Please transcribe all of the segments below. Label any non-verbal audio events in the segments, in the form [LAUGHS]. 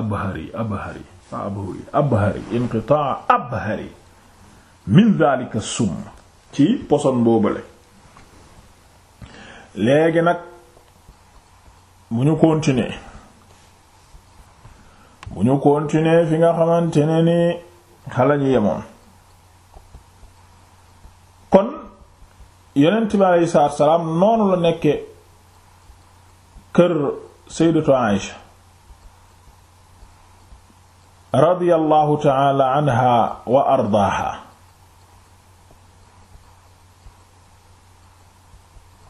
abhari abhari abhari abhari inqitaa abhari min dhalika summ ci poson boobale léegi nag bu ñu continuer bu ñu fi nga xamante ne ni xala ñu yemoon kon yonent bi aleyhi wa salaam noonu la nekke kër sayyidatu Aïsha radiyallahu ta'ala anha wa ardaaha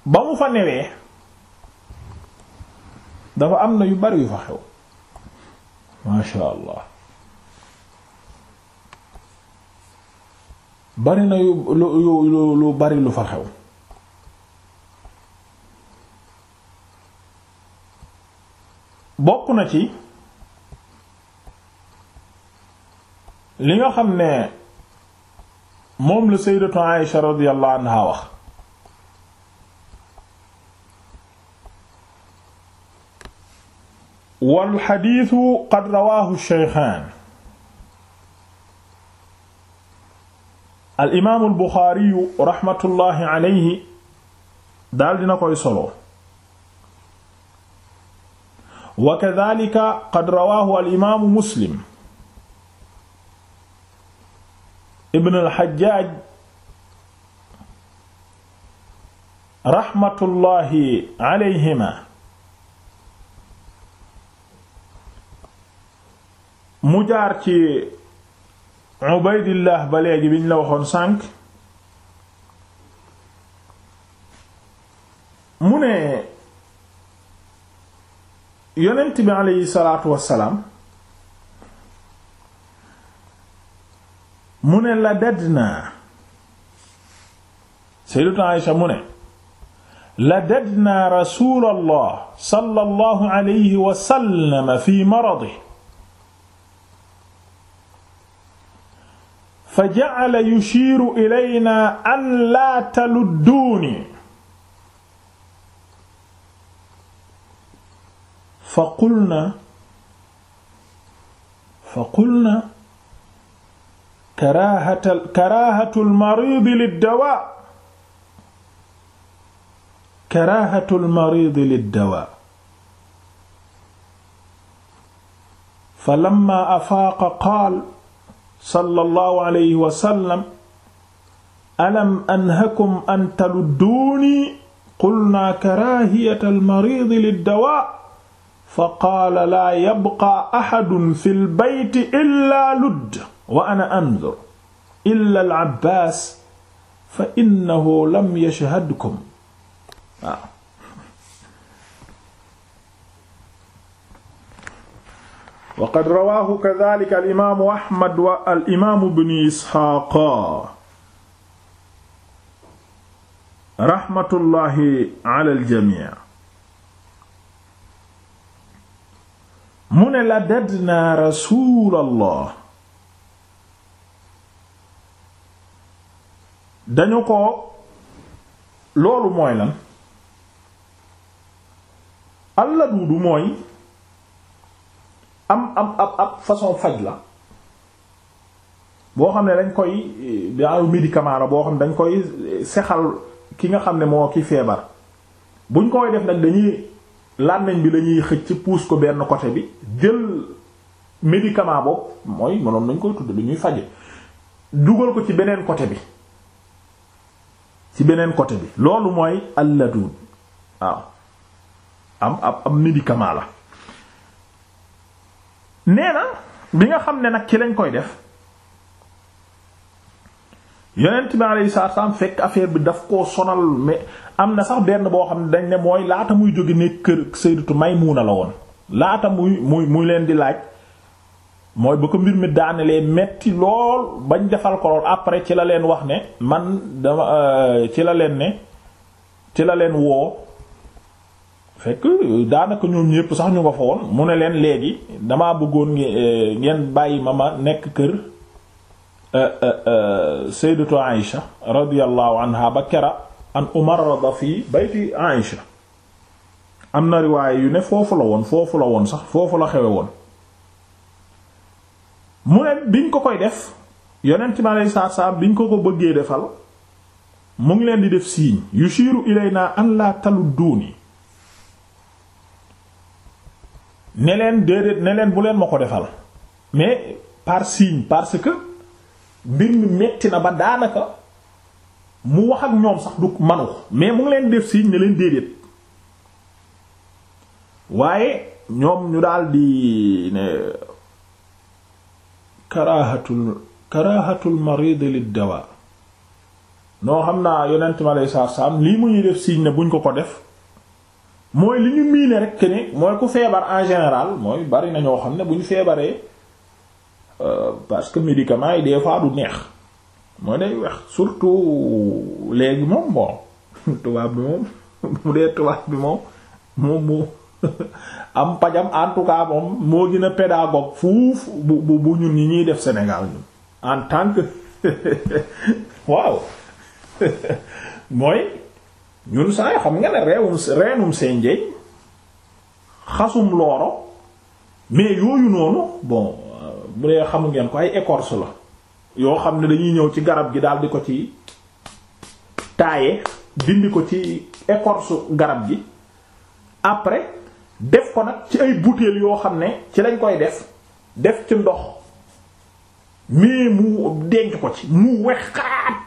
ba mu fa newee dafa am na yu bari yu fa xew masha allah bari na yu lu lu bari lu fa xew bokk na ci li nga xam ne moom la sayyidatu Aisha radiyallahu anha wax wal xadiisu qad rawaahu shaykhaan al imaamu al Buxaari raxmatullaahi alayhi daal dina koy solo wa kadaalika qad rawaahu al imaamu Muslim ibn al-Hajjaj raxmatullahi alayhima mu jaar ci Ubaydillah ba léegi biñ la waxoon sànq mu ne yonent bi alayhi salaatu wassalaam mu ne ladadna sayyidatuna Aisha mu ne ladadna rasulallah sallallahu alayhi wa sallam fi maradihi fa ja'ala yushiru ilayna an laa taludduuni fa qulna fa qulna karaahatal karaahatul mariid liddawa karaahatul mariid liddawa falammaa afaaqa qaal sallallahu alayhi wa sallam alam anhakum an taludduunii qulnaa karaahiyatal mariid liddawa faqaala laa yabqaa axadun fil bayti illaa ludd wa ana anzur illa al abbaas fa innahu lam yashhadkum waaw waqad rawaahu kadaalika al imaamu Ahmad wa al imaamu bnu Isxaaqa raxmatullaahi alal jamii. mu ne ladadnaa rasuulallah dañu ko loolu mooy lan alla duudu mooy am am ab façon faj la boo xam ne dañ koy daaw médicament la boo xam ne dañ koy seexal ki nga xam ne moo ki feebar buñ koo def nag dañuy làmmiñ bi lañuy xëcc puus ko benn côté bi jël médicament boobu mooy mënoon dañ koy tudd lu ñuy faje dugal ko ci beneen côté bi ci beneen côté bi loolu mooy alladud waaw am ab am médicament la nee na bi nga xam ne nag ci lañ koy def yonent bi alayhi saa salaam fekk affaire bi daf koo sonal mais am na sax benn boo xam ne dañ ne mooy laata muy jóge ne kër Sayyidatu Maymuna la woon laata muy muy mu leen di laaj mooy ba ko mbir mi daanelee metti lool bañ defal ko lool après ci la leen wax ne man dama euh, ci la leen ne ci la leen woo fekk daanaka ñoom ñépp sax ñu nga fa woon mu ne leen léegi damaa bëggoon euh, ngeen bàyyi ma ma nekk kër euh, sayyidatu Aïsha radiyallahu anha ba kera an umarrada fi bayti Aïsha am na riwaaye yu ne foofu la woon foofu la woon sax foofu la xewe woon mu ne biñ ko koy def yonent mi aleyhi salaatu salaam biñ ko ko bëggee defal mu ngi leen di def signe yushiru ilayna an la taludduuni ne leen déedéet ne leen bu leen ma ko defal mais par parce que mbir mi metti na ba daanaka mu wax ak ñoom sax du manu mais mu ngi leen def signe ne leen déedéet waaye ñoom ñu daal di ne karaahatul karaahatul marid lid dawa noo xam naa yonent ma lay saar lii muy ñuy def signe ne buñ ko ko def mooy li ñu miine rek que ni mooy ku feebar en général mooy bari na ñoo xam ne bu ñu feebaree euh, parce que médicaments yi des fois du neex moo day weex surtout léegi moom bon [LAUGHS] tubaab [LAUGHS] moom moom [LAUGHS] am pajam en tout cas moom moo gën a pédagogue fuuf bu bu ñun ñi ñuy def senegal ñun en tant que [LAUGHS] waaw [LAUGHS] mooy ñun saa xam nga ne reewum reenum senjeeñ xasum looro mais yooyu noonu bon bu dee xamu ngeen ko ay écorce la yoo xam ne dañuy ñëw ci garab gi daal di ko ci taaye dindi ko ci écorce garab gi après def ko nag ci ay butéel yoo xam ne ci lañ koy def def ci ndox mais mu denc ko ci mu wexaat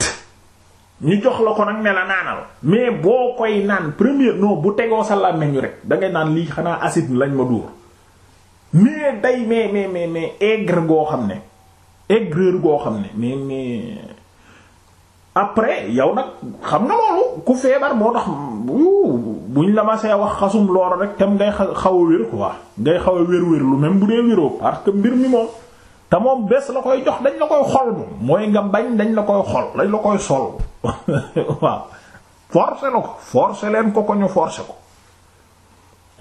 ñu jox la ko nag ne la naanal mais boo koy naan première non bu tegoo sa làmmiñ rek dangay naan lii xanaa acide lañ ma dóor mais day mais mais mais mais goo xam ne aigreur goo xam ne mais mais après yow nag xam nga loolu ku feebar moo tax buñ la ma see wax xasum loola rek tam ngay xaw a wér ngay xaw a wér-wér lu même bu dee wéroo parce que mbir mi moom te moom bés la koy jox dañ la koy xol moom mooy nga bañ dañ la koy xol dañ la koy sol [LAUGHS] waaw forcer la ko forcer leen ko ko ñu forcer ko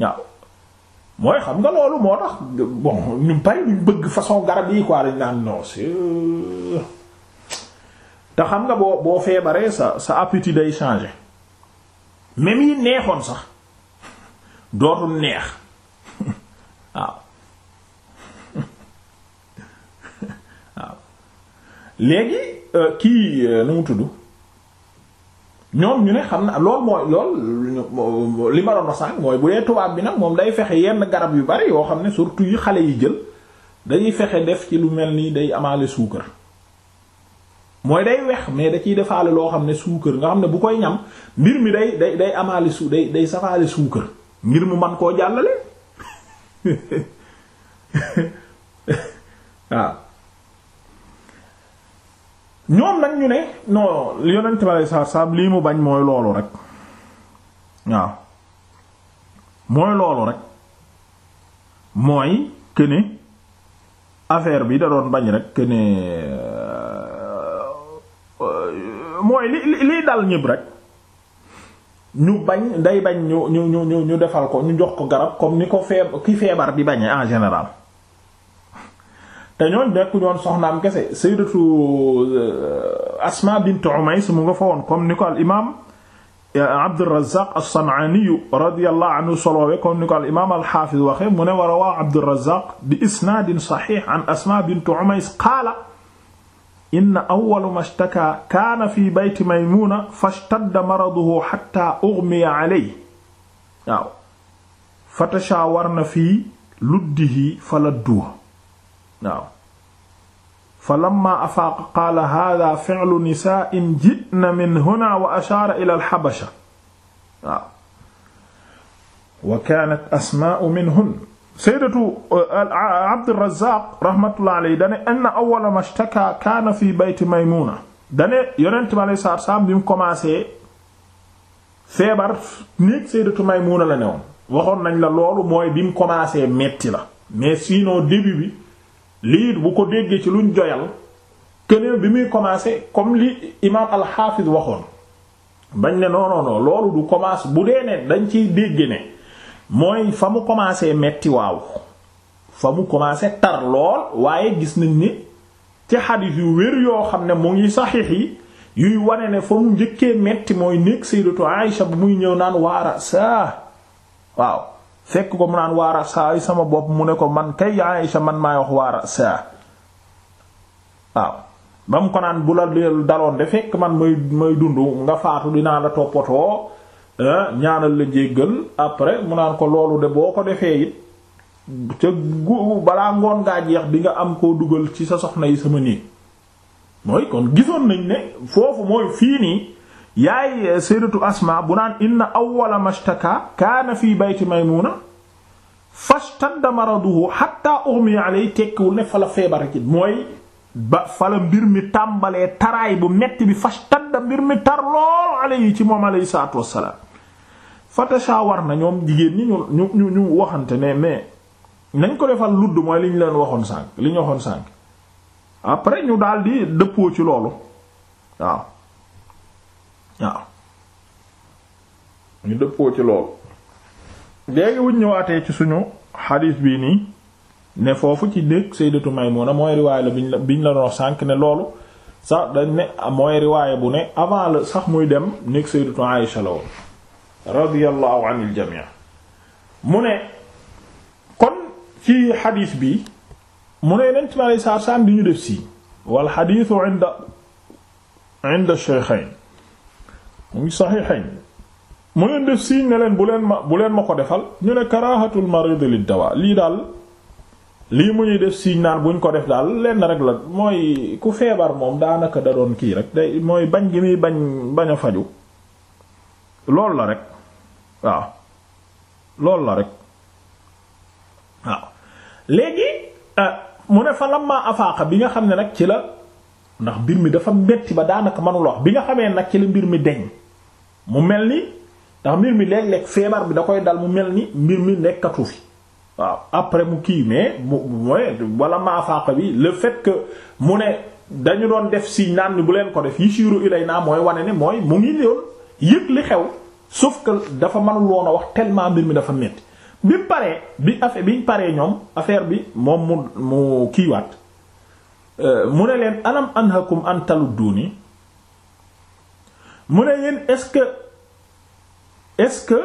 waaw mooy xam nga loolu moo tax bon ñu bari bëgg façon garab yi quoi dañ naan non c'est te xam nga boo boo feebaree sa sa appétit day changer même yi neexoon sax dootul neex [LAUGHS] [LAUGHS] waaw léegi euh, kii euh, nu mu tudd ñoom ñu ne xam na lool mooy lool euh, li ma doon sànq mooy bu dee tubaab bi nag moom day fexe yenn garab yu bari yoo xam ne surtout yi xale yi jël dañuy fexe def ci lu mel nii day amaale suukar. mooy day wex mais da ciy defaale loo xam ne suukar nga xam ne bu koy ñam mbir mi day day day amaale su day day safaale suukar ngir mu man koo jàllale [LAUGHS] waaw ñoom nag ñu ne non yonent bi alei saatu lii mu bañ mooy loolu rek waaw mooy loolu rek mooy que ne affaire bi da doon bañ rek que mooy li li dal ñëpp ñu bañ day bañ ñu ñu ñu ñu defal ko ñu jox ko garab comme ni ko feeb ki feebar di bañee en général te ñooñ nekk ñoon soxnaam kese sayyidatu euh, Asma bint Umays mu nga fa woon comme ni al euh, sanaani radiyallahu anhu soloowe comme al imaam al-Haafiz waxe mu ne war a waa bi isnaadin saxiix an Asma bint Umays qaala inna awwala ma ishtakaa kaana fi bayti Maymuna fashtadda maraduhu hattaa ughmiya alayhi waaw fatashaawarna fii luddihi faladduhu waaw falammaa afaaqa qaala haadhaa fi'lu nisaa'in ji'na min hunaa wa ashaara ilaa al-habasha waaw wa kaanat asmaa'u minhunna sayyidatu uh, Abdurrazzaq rahmatullahi alayhi dane anna awwala mashtaka kaana fi bayti Maymuna dane yonent bi alayhi salaatu salaam bi mu commencé feebar néeg sayyidatu Maymuna la newoon waxoon nañ la loolu mooy bi mu commencé metti la mais sinon début bi lii bu ko déggee ci luñ joyal keneen bi muy commencé comme li imaam al waxoon bañ ne non loolu du commencé bu dee ne dañ ciy dégg ne. mooy fa mu commencé metti waaw fa mu commencé tar lool waaye gis nañ ni ci xadiis yu wér yoo xam ne mu ngi saxiix yi yuy wane ne fa mu njëkkee metti mooy néeg sayyidatu Aïsha bu muy ñëw naan waara saa waaw fekk ko mu naan waara saa ay sama bopp mu ne ko man kay Aïsha man maay wax waara saa waaw ba mu ko naan bu la daloon de fekk man may may dund nga faatu dinaa la toppatoo Ah, ñaanal la jéggal après mu naan ko loolu de boo ko defee it ca gu balaa ngoon ngaa jeex bi nga am koo dugal ci sa soxna yi sama nii mooy kon gisoon nañ ne foofu mooy fii nii yaay eh, sayyidatu asma bu naan inna awwala mashtaka kaana fii bayti maymuna fashtadda maraduhu hatta ughmi alayhi tekkiwul ne fa la feebar ci mooy ba fala mbir mi tàmbalee taraay bu metti bi fashtadda mbir mi tar lool alayhi ci moom alayhi salaatu wassalaam fatashawar na ñoom jigéen ñi ñu ñu ñu waxante ne mais nañ ko defal ludd mooy li ñu leen waxoon sànk li ñu waxoon sànk après ñu daal di dëppoo ci loolu waaw waaw ñu dëppoo ci loolu léegi wuñ ñëwaatee ci suñu xadiis bii nii ne foofu ci dëkk Sayyidatu a mooy riwaay la biñ la biñ la doon sànk ne loolu sax dañ ne mooy riwaay bu ne avant la sax muy dem nekk Sayyidatu Aïsha la woon radiyallahu anil jamii mu ne kon ci xadiis bi mu ne yeneen time alay saar saam di ñu def si wal xadiisu mu ngi saxiixayn mu si ne leen bu leen ma bu leen ma ko defal ñu ne karaahatul marid lid dawa lii daal lii mu ñuy def siiñ naan buñ ko def daal lenn rek la mooy ku feebar moom daanaka da doon kii rek day mooy bañ gi muy bañ bañ a faju loolu la rek waaw loolu la rek waaw léegi euh, mu ne fa lamma afaaqa bi nga xam ne nag ci la ndax mbir mi dafa metti ba daanaka manuloo bi nga xamee nag ci la mbir mi deñ mu mel ni ndax mbir mi léeg-léeg feebar bi da koy dal mu mel ni mbir mi nekkatu fi waaw après mu kii mais mu mooy wala ma afaaqa bi le fait que mu ne dañu doon def si naan ni bu leen ko def yi siiru ilay naa mooy wane ne mooy mu ngi loon yëg li xew suuf que dafa mënul woon a wax tellement mbir mi dafa metti bi mu paree bi affaire bi paree ñoom affaire bi moom mu mu kiiwaat euh, mu ne leen alam anhakum an taludduni mu ne yéen est-ce que est-ce que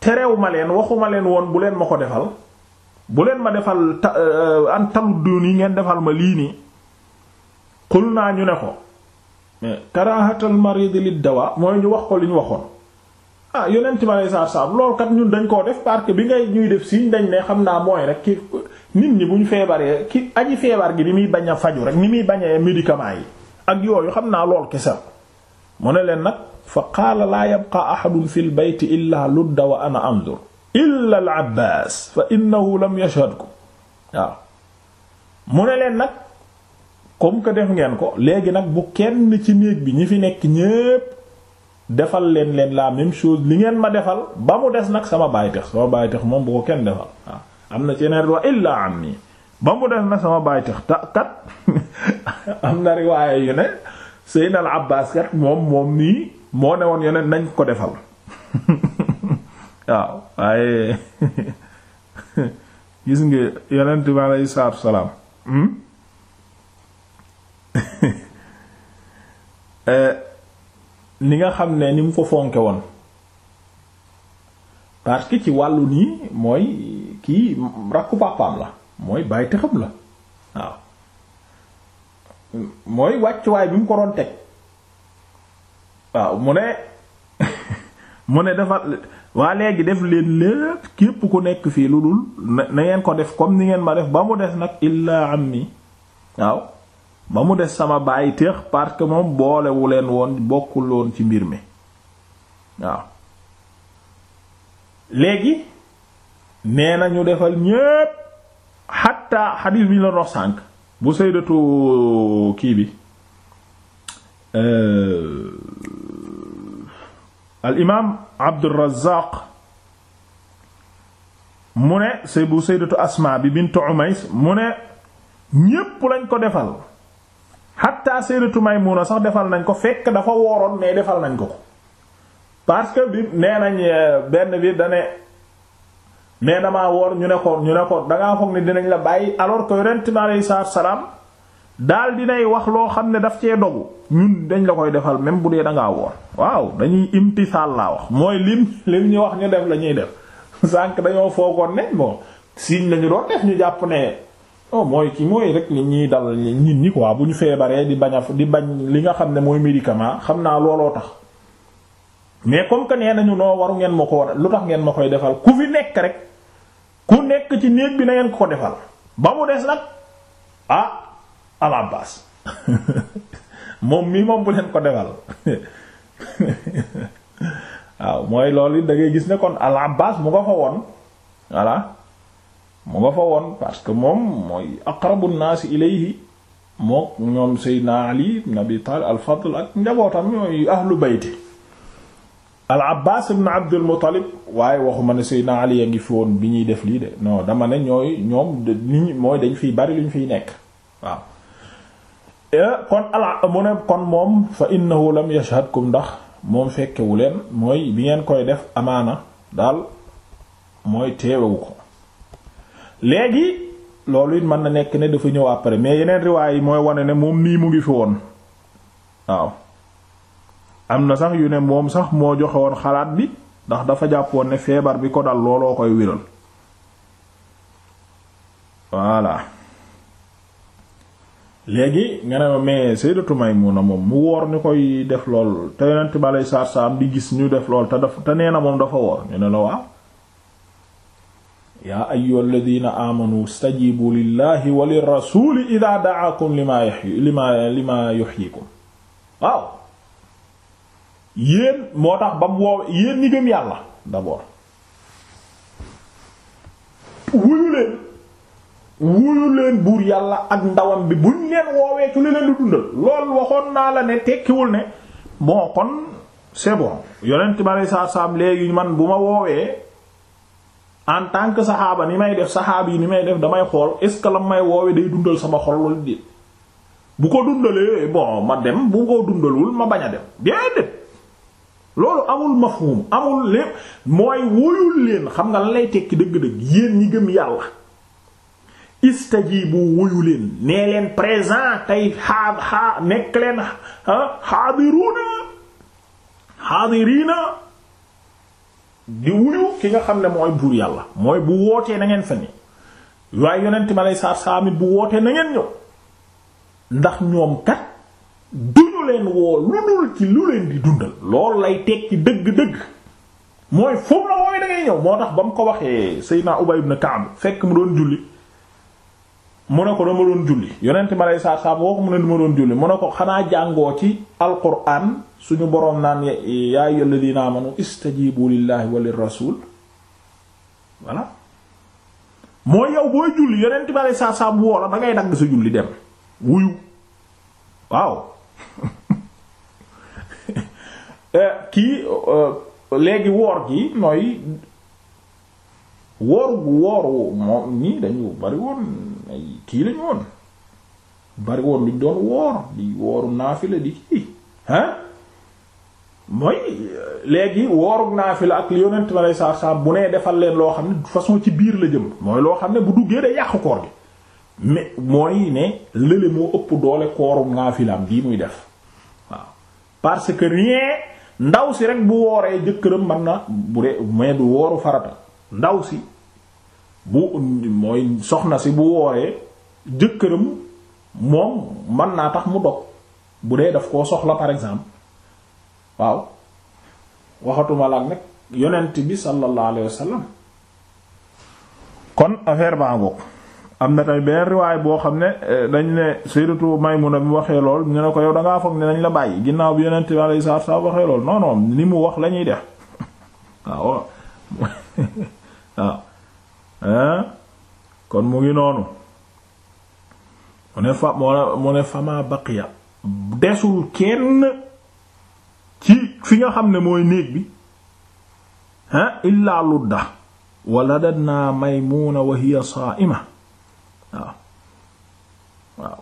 terew leen waxuma leen woon bu leen ma ko defal bu leen ma defal ta euh, an taludduni ngeen defal ma lii nii qul naa ñu ne ko mais karaahatal marid lid dawa mooy ñu wax ko li ñu waxoon ah yonent ma lay saar saab loolu kat dañ koo def parce que bi ñuy def siñ dañ ne xam naa mooy rek ki nit ñi buñ feebaree ki aji feebar gi ni muy bañ a faju rek ni muy bañee médicament yi ak yooyu xam naa lool kese mu ne leen nag fa qaala laa yabqa ahadun fi l bayti illaa ludda ana andur illa al abbas fa innahu lam yashhadku waaw mu ne leen nag comme que def ngeen ko léegi nag bu kenn ci néeg bi ñi fi nekk ñépp defal leen leen la même chose li ngeen ma defal ba mu des nag sama bàytex sama bàytex moom bu ko kenn defal waaw am na ci yeneen riwaay illa am nii ba mu des nag sama bàytex ta kat [LAUGHS] am na riwaay yu moom moom yeneen nañ ko defal [LAUGHS] waaw [LAUGHS] nga yonent bi salaam hmm? eh, ni nga xam ne ni mu ko fonke woon parce que ci wàllu nii mooy kii rakku pàppaam la mooy bàyyi tëxam la waaw mooy wàccuwaay bi mu ko doon teg waaw mu ne [LAUGHS] mu ne dafa waa léegi def leen lépp képp ku nekk fii lu dul na ngeen ko def comme ni ngeen ma def ba mu des nag illaa am mi waaw ba mu des sama bàyyi téex parce que moom boolewu leen woon bokkul woon ci mbir mi waaw léegi nee na defal ñépp xatta xadiis bi ñu la dox sànq bu sayyidatu kii bi euh, al imaam Abdurrazzaq mu ne say bu sayyidatu Asmaa bi bint Umays mu ne ñépp lañ ko defal hatta sayyidatu Maymuna sax defal nañ ko fekk dafa wooroon mais defal nañ ko ko parce que bi nee nañ euh, benn bi dane mais damaa woor ñu ne ko ñu ne ko dangaa foog ni dinañ la bàyyi alors que yonent bi aleyhi salaatu salaam daal dinay wax loo xam ne daf cee dogu ñun dañ la koy defal même bu dee dangaa woor waaw dañuy imtisaal laa wax mooy lim lim ñu wax ñu def la ñuy def [LAUGHS] sànq dañoo foogoon ne bon signe lañu doon def ñu jàpp ne oh mooy ki mooy rek li ñuy dal nit ñi waaw bu ñu feebaree di baña a di bañ li nga xam ne mooy médicament xam naa looloo tax mais comme que nee nañu noo waru ngeen ma ko war lu tax ngeen ma koy defal ku fi nekk rek ku nekk ci néeg bi na ngeen ko ko defal ba mu des nag ah Al [LAUGHS] moom mii moom bu leen ko defal [LAUGHS] waaw mooy loolu da ngay gis ne kon Al Abbas mu nga fa woon voilà. mu nga fa woon parce que moom mooy aqrabu naasi ilayhi moo ñoom Seydina Ali ibn Abi Talib al ak njabootam ñooy ahlu bayti al-Abbaas ibn Abdul Muttalib waaye waxuma ne Seydina Ali a ngi fi woon bi ñuy def lii de non dama ne ñooy ñoom niñ mooy dañ fiy bari luñ fiy nekk waaw eh, kon ala mu ne kon moom fa innahu lam yashhadkum ndax moom fekkewu leen mooy bi ngeen koy def amaana daal mooy teewewu ko léegi loolu it mën na nekk ne dafa ñëw après mais yeneen riwaay yi mooy wane ne moom nii mu ngi fi woon waaw am na sax yu ne moom sax moo joxe woon xalaat bi ndax dafa jàppoon ne feebar bi ko dal looloo koy wiral voilà léegi nga mais ma may Sayyidatu Maymuna moom mu woor ñu koy def lool te yonent bi aleyhi sa salaam di gis ñu def lool te daf te nee na moom dafa woor ñu ne la waaw yaa ayyuha alladina amanu stajibu lillahi wa lirasuli ida daakum lima yuhyi lima lima yuhyikum waaw yéen moo tax ba mu yéen ñi gëm yàlla d'abord wuyu leen wuyu leen buur yàlla ak ndawam bi buñ leen woowee ci li leen dundal lool waxoon naa la ne tekkiwul ne bon kon c'est bon yonent bi alei saatu léegi man bu ma woowee en tant que saxaaba ni may def saxaab yi ni may def damay xool est-ce que la may woowe day dundal sama xol loolu déet bu ko dundalee bon ma dem bu ko dundalul ma bañ a dem déedéet loolu amul mafhum amul lépp mooy woyul leen xam nga lan lay tekki dëgg-dëgg yéen ñi gëm yàlla ji woyu leen nee leen présent tey xaa xaa nekk leen xaadiruna xaadirina di wuyu ki nga xam ne mooy buur yàlla mooy bu wootee nangeen ngeen fa ni waaye yonent ma lay saar saamit bu wootee na ngeen ñëw ndax ñoom kat duñu leen woo lu dul ci lu leen di dundal loolu lay teg ci dëgg-dëgg mooy foofu la wooy da ñëw moo tax ba mu ko waxee Seydina Ubay ibn Ka'b fekk mu doon julli mu ne ko dama doon julli yonent ma lay saar saam woo ko mu ne dama doon julli mu ne ko xanaa jàngoo ci alquran suñu boroom naan yaa ayyuhal ladina amanu istajibu lillahi wa lirrasul voilà mooy yow booy julli yonent bi saa saa bu woo dangay dagg sa julli dem wuyu waaw [LAUGHS] eh, kii eh, léegi woor gi mooy woor gu woor moom nii dañu bari woon kii lañu woon bari woon luñ doon woor di wooru naafila di kii hein mooy léegi wooru naafila ak li yonent ma lay saa saa bu nee defal leen loo xam ne façon ci biir la jëm mooy loo xam ne bu duggee day yàqu koor gi mais mooy ne lële moo ëpp doole koorug naafilaam bii muy def waaw parce que rien ndaw si rek bu wooree jëkkëram mën na bu dee wooru farata ndaw si bu mooy soxna si bu wooree jëkkëram moom mën naa tax mu dog bu dee daf koo soxla par exemple. waaw waxatuma laak nag yonent bi sallallahu alayhi kon affaire baa ngoog am na tamit beneen riwaay boo xam ne eh, dañ ne sayyidatu Maymuna mu waxee lool ñu ne ko yow da foog ne dañ la bàyyi ginnaaw bi yonent bi alayhi salaatu wasallam waxee lool non ni mu wax la ñuy def [LAUGHS] waaw [LAUGHS] waaw kon mu ngi noonu mu ne fa mu ne fama baqiya desul kenn ci fi nga xam ne mooy néeg bi ah illaa ludda waladanaa maymuna wa hiya saa'ima waaw waaw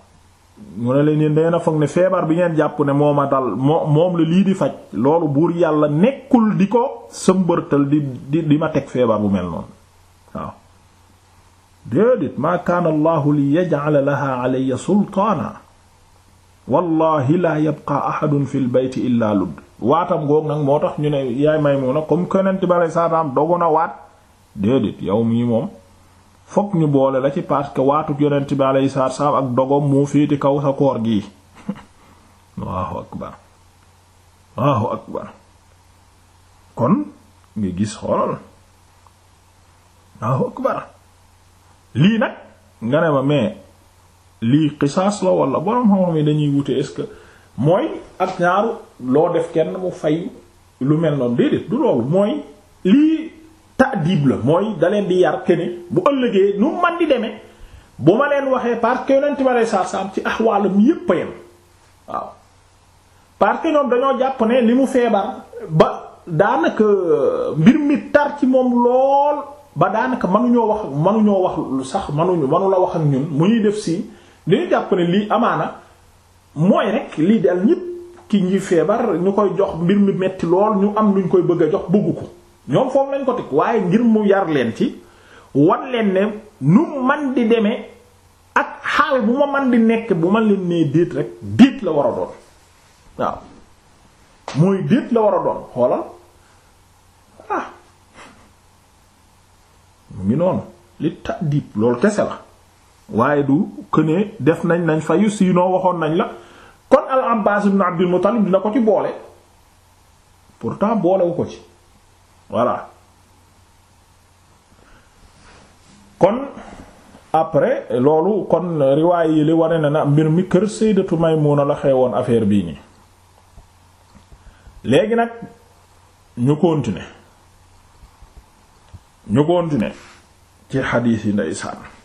mu ne leen yéen da ngeen a ne feebar bi ngeen jàpp ne moo ma dal moom la lii di faj loolu buur yàlla nekkul di ko sëmbërtal di di di ma teg feebar bu mel noonu waaw déedéet maa kaana li yaj'ala laha alayya sultaana wallahi laa yabqaa ahadun fil bayti illaa ludd waatam goog nag moo tax ñu ne yaay Maymuna comme keneen ti bale saataam dogu na waat déedéet yow mii moom fokk ñu boole la ci parce que waatuk yonent bi alayhi salaatu salaam ak dogom moo féete kaw sa [LAUGHS] kon nga gis xoolal Allahu akbar lii nag nga ne ma mais lii xisaas la wala borom xam-xam yi dañuy wute est mooy ak ñaaru loo def kenn mu fay lu mel noonu déedéet du loolu mooy lii ta'dib la mooy daleen leen di yar kene bu ëllëgee nu man di demee bu ma leen waxee parce que yonent bi aleyhi salaatu ci axwaalam yépp a yem waaw parce que dañoo jàpp ne li mu feebar ba daanaka mbir mi tar ci moom lool ba daanaka mënuñoo wax mënuñoo wax sax mënuñu mënu la wax ak ñun mu ñuy def si dañu jàpp ne lii amaana mooy rek lii dal ñëpp ki ngi feebar ñu koy jox mbir mi metti lool ñu am luñ koy bëgg a jox bëggu ko ñoom foofu lañ ko teg waaye ngir mu yar leen ci wan leen ne nu man di demee ak xaal bu ma man di nekk bu ma leen nee déet rek déet la war a doon waaw mooy déet la war a doon xoolal ah mu ngi noonu li ta diib loolu kese la waaye du kënee def nañ nañ fayu siinoo waxoon nañ la kon al bi ibn Abdul Muttalib dina ko ci boole pourtant boolewu ko ci voilà kon après loolu kon riwaay yi li wane na na mbir mi kër Sayyidatu Maymuna la xewoon affaire bii nii léegi nag ñu continuer ñu continuer ci xadiis yi ndeysaan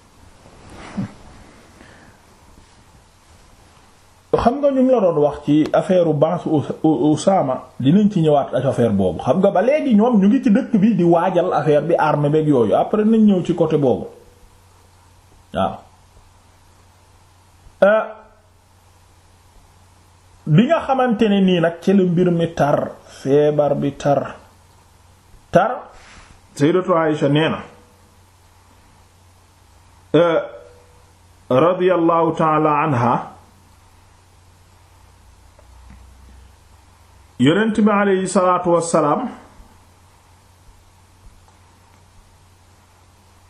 xam nga ñu ngi la doon wax ci affaire banque Usaama dinañ ci ñëwaat ak boobu xam nga ba léegi ñoom ñu ngi ci dëkk bi di waajal affaire bi armée beeg yooyu après nañ ñëw ci côté boobu waaw euh, bi nga xamante ne nii nag ci la mbir mi tar feebar bi tar tar sayyidatu Aisha nee na euh, radiyallahu ta'ala anha yonent bi aleyhi salaatu wassalaam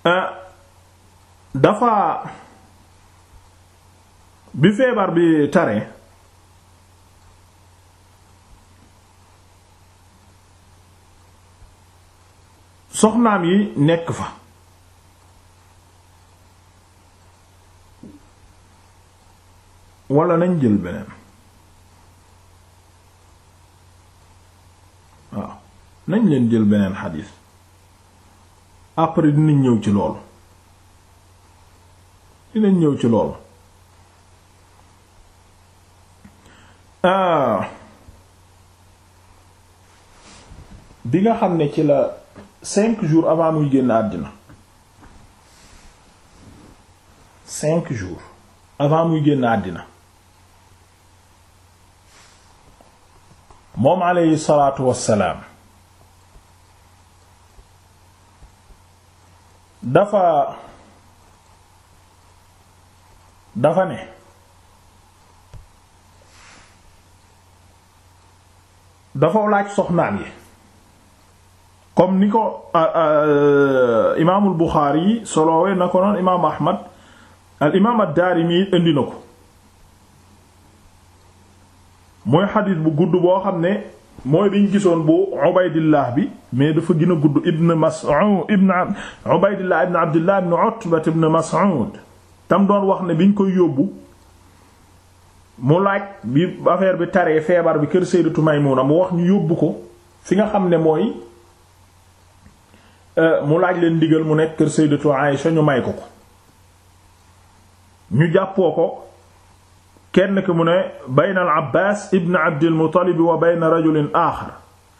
eh, dafa bi feebar bi tare soxnaam yi nekk fa walla nañ jël beneen nañ leen jël beneen xadiis après dinañ ñëw ci loolu dinañ ñëw ci loolu ah bi nga xam ne ci la cinq jours avant muy génn àddina cinq jour avant muy génn àddina moom aleyhi salaatu wassalaam dafa dafa ne dafa laaj soxnaam yi comme ni ko imaamul Buxaari solowee na ko noon imaam Ahmad al imaam ad-Daarimi indi na ko mooy xadiis bu gudd boo xam ne mooy bi ñu gisoon bu Ubaydillah bi mais dafa gën a gudd Ibn Mas'ud Ibn Ubaydillah Ibn Abdillah Ibn Utba Ibn Mas'ud tam doon wax ne bi ñu koy yóbbu mu laaj bi affaire bi taree feebar bi kër Sayyidatu Maymuna mu wax ñu yóbbu ko fi nga xam ne mooy euh, mu laaj leen ndigal mu nekk kër Sayyidatu Aisha ñu may ko ko ñu jàppoo ko. kenn ki mu ne bayna al abbas ibn abdil muttalib wa bayna rajulin aaxar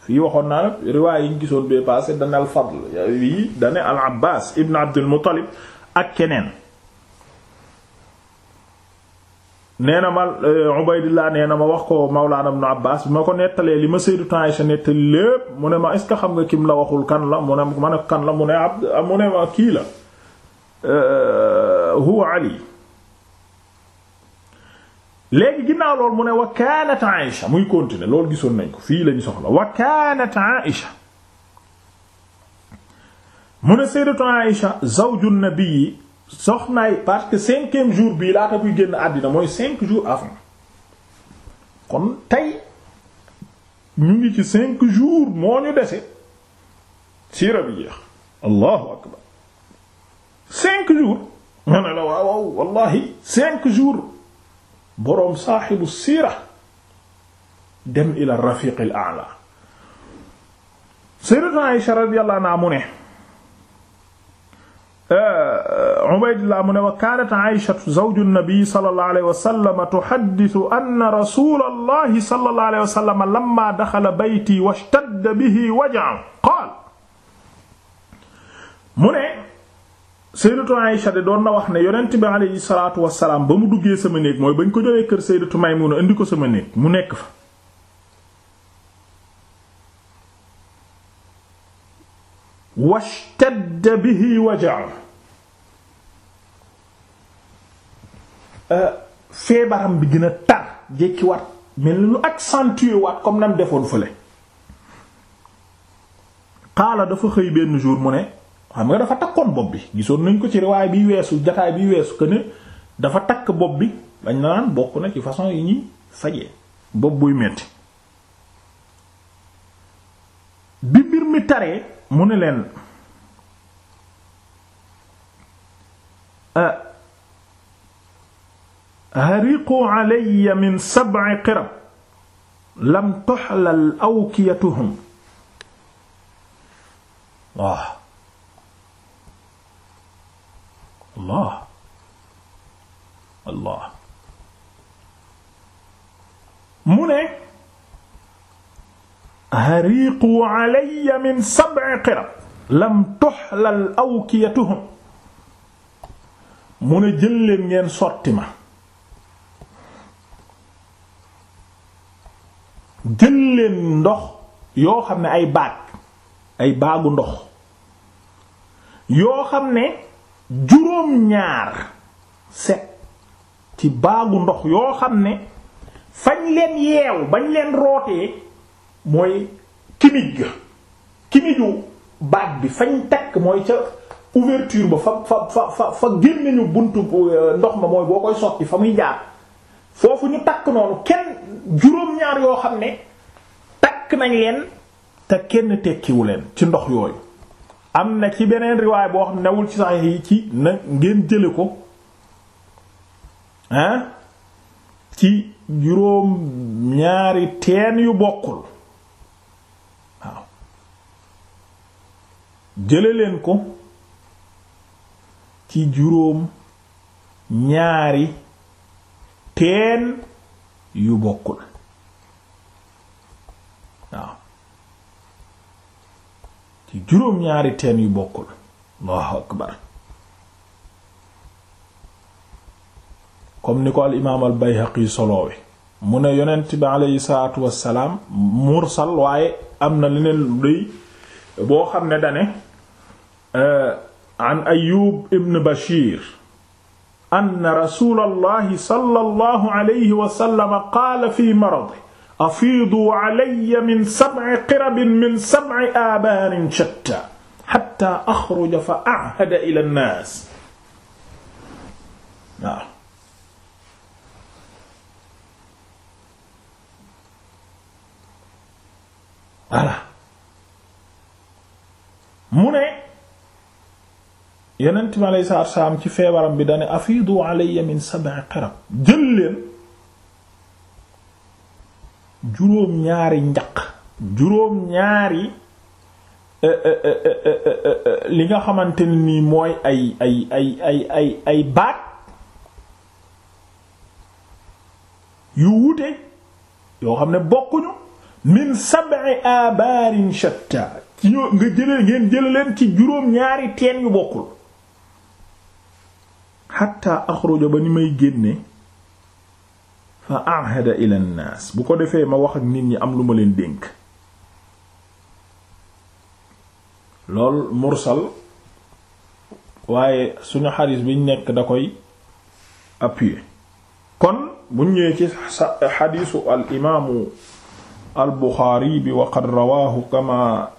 fii waxoon naa nag riwaay yi ñu gisoon bee passé dane al fadl yii dane al abbas ibn abdil muttalib ak keneen nee na ma euh, Ubaydillah nee na ma wax ko Mawlaana Ibn Abbaas bi ma ko nettalee li ma Sayyidatu Aysa nettali lépp mu ne ma est-ce que xam nga la waxul kan la mu ne ma ne kan la mu ne ab kii la euh, Ali léegi ginnaaw loolu mu ne wa kaanat Aïcha muy continuer loolu gisoon nañ ko fii lañu soxla wa kaanat Aïcha mu ne sayyidatu Aïcha zawju nabi soxnaay parce que cinquième jour bii laata buy génn àddina mooy cinq jours avant kon tey ñu ngi ci jour moo ñu dese siira bi jeex allahu akbar cinq jours ma wallahi cinq jours boroom saaxibu siira dem ila rafiq al a'la sayyidatuna Aysha radiyallahu anha mu ne euh, Ubaydullah mu ne wa kaanat Aysha zawju nabi sallallahu alayhi wa sallam tuhaddithu anna rasulallahi sallallahu alayhi wa sallam lamma daxala bayti washtadda bihi waj'un qaala mu ne Sayyidatu Aïcha de doon na wax ne yonent bi alayhi salaatu wassalaam ba mu duggee sama néeg mooy ba ñu ko jógee kër Sayyidatu Maymuna indi ko sama néeg mu nekk fa washtadda bihi waja'u euh, feebaram bi gën a tar jekki wat mel ni lu accentué waat comme nam defoon fële qaala dafa xëy benn jour mu ne xam nga dafa takkoon bopp bi gisoon nañ ko ci riwaay bi weesu jataay bi weesu que dafa takk bopp bi dañ na naan bokk na ci façon yi ñuy fajee bopp buy metti bi mbir mi taree mu ne leen ah, hariqu alayya min sab'i qirab lam tuhlal awkiyatuhum waaw allah allah mu ne hariqu alayya min sab'i qirab lam tuhlal awkiyatuhum mu ne jël ngeen sotti ma jël ndox yoo xam ne ay baag ay baagu ndox yoo xam ne juróom ñaar set ci baagu ndox yoo xam ne fañ leen yeew bañ leen rootee mooy kimij ga kimiju baag bi fañ takk mooy ca ouverture ba fa fa fa fa génne ñu buntu euh, ndox ma mooy boo koy sotti fa muy jaar foofu ñu takk noonu kenn juróom-ñaar yoo xam ne takk nañ leen te kenn tekkiwu leen ci ndox yooyu am na ci beneen riwaay boo xam newul ci saxiix yi ci na ngeen jële ko hein ci juróom ñaari teen yu bokkul jële leen ko ci juróom ñaari teen yu bokkul waaw juróom-ñaari teen yu bokkul Allahu akbar comme ni ko al imaam al Bayhaqi soloowe mu ne yonent bi aleyhi salaatu wassalaam mursal waaye am na leneen luy boo xam ne dane an Ayyub ibn Bashir anna rasuulallahi sallallahu alayhi wa sallam fi maradihi afiidu alayya min sab'i qirabin min sab'i abaarin shattaa hattaa axruja fa ahada ila nnaas waaw voilà mu ne yeneen mi aleyhi salaatu wa salaam ci feebaram bi dane afiidu alayya min sab'i qirab jël leen juróom ñaari njaq juróom ñaari e, e, e, li nga xamante ne nii mooy ay ay ay ay baat yu wuute yoo xam ne bokkuñu min sab'i abaarin shatta ci ñoo nga jëlee ngeen jëlee leen ci juróom ñaari teen yu bokkul hatta axruja ba ni may génne fa bu ko defee ma wax ak nit ñi am lu ma leen dénk lool mursal waaye suñu xadis biñ nekk da koy appuyer kon buñ ñëwee ci xadisu al imaamu al buxaari bi wa rawaahu kama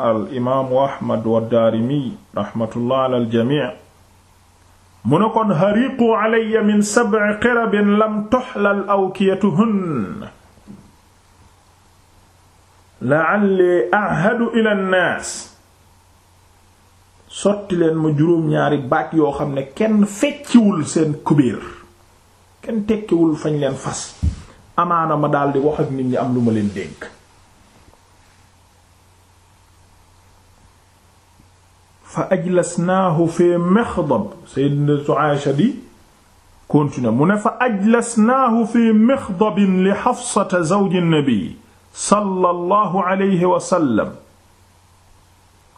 al imaamu daarimi rahmatullah ala jamii mu ne kon hariqu alayya min sab'i qirabin lam tuhlal awkiyatuhun la'alli ahadu ila an-nas sotti leen ma juróom-ñaari baag yoo xam ne kenn fecciwul seen kubéer kenn tekkiwul fañ leen fas amaana ma daldi wax ak nit ñi am lu ma leen dénk fa ajlasnaahu fi mexdab sayyidatu Aisha di continuer mu ne fa ajlasnaahu fi mexdabin li Xafsata zawji nabi sallallahu alayhi wa sallam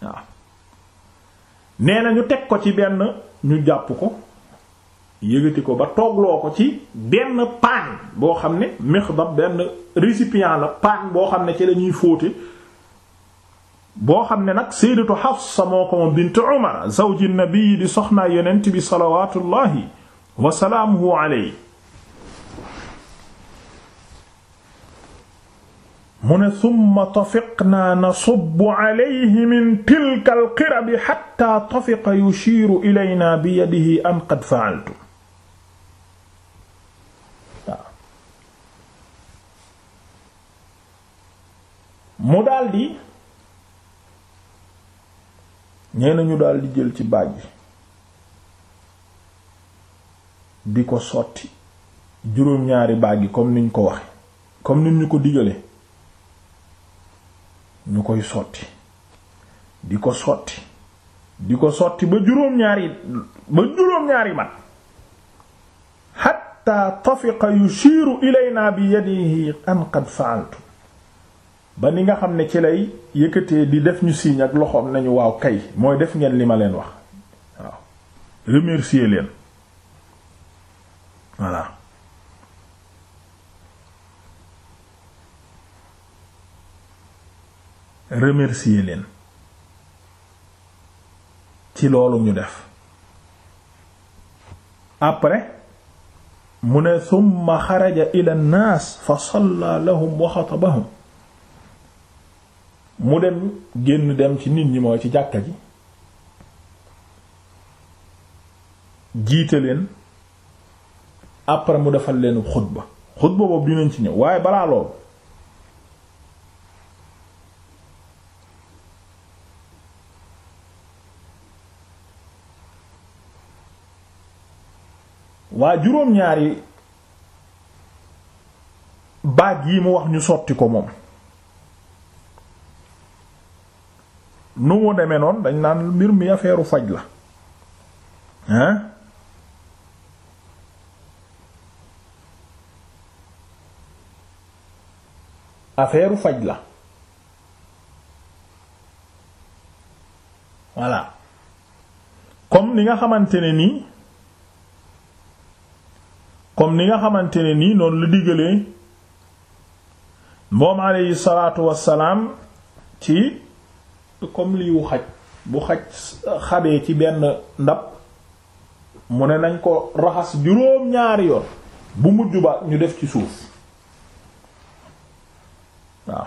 waaw nee na ñu teg ko ci benn ñu jàpp ko yëgati ko ba toogloo ko ci benn paan boo xam ne mexdab benn récipient la paan boo xam ne ci lañuy fóote boo xam ne nag sayyidatu Hafsa moo ko moom bint Umar zawji nabi di soxnaa yonent bi salawaatullahi wa salaamuhu alayhi mu ne summa tafiqnaa nasubbu alayhi min tilka alqirabi hatta tafiqa yushiiru ilaynaa biyadihi an qad fa'altu mu daldi nee na ñu daal di jël ci baaj di ko sotti juróom-ñaari baaj yi comme niñ ko waxe comme niñ ñu ko diggale ñu koy sotti di ko sotti di ko sotti ba juróom-ñaari ba juróom-ñaari mat hatta tafiqa yushiru ilayna bi yadihi an qad fa'altu ba ni nga xam ne ci lay yëkkatee di def ñu signe ak loxoom nañu waaw kay mooy def ngeen li ma leen wax waaw remercier leen voilà remercier leen ci loolu ñu def après mu ne summa xaraja ila nnaas fa salla lahum wa mu dem génn dem ci nit ñi mooy ci jàkka ji jiite leen après mu defal leen xutba xutba boobu dinañ ci ñëw waaye balaa waa juróom-ñaari baag yi mu wax ñu sotti ko moom nu mu demee noonu dañ naan mbir mi affaire faj la hein affaire faj la voilà comme ni nga xamante ne nii comme ni nga xamante ne nii noonu la digalee moom aleyhi salaatu wassalaam ci comme liwu xaj bu xaj xabee ci benn ndab mu ne nañ ko raxas juróom-ñaari yoon bu mujj ba ñu def ci suuf waaw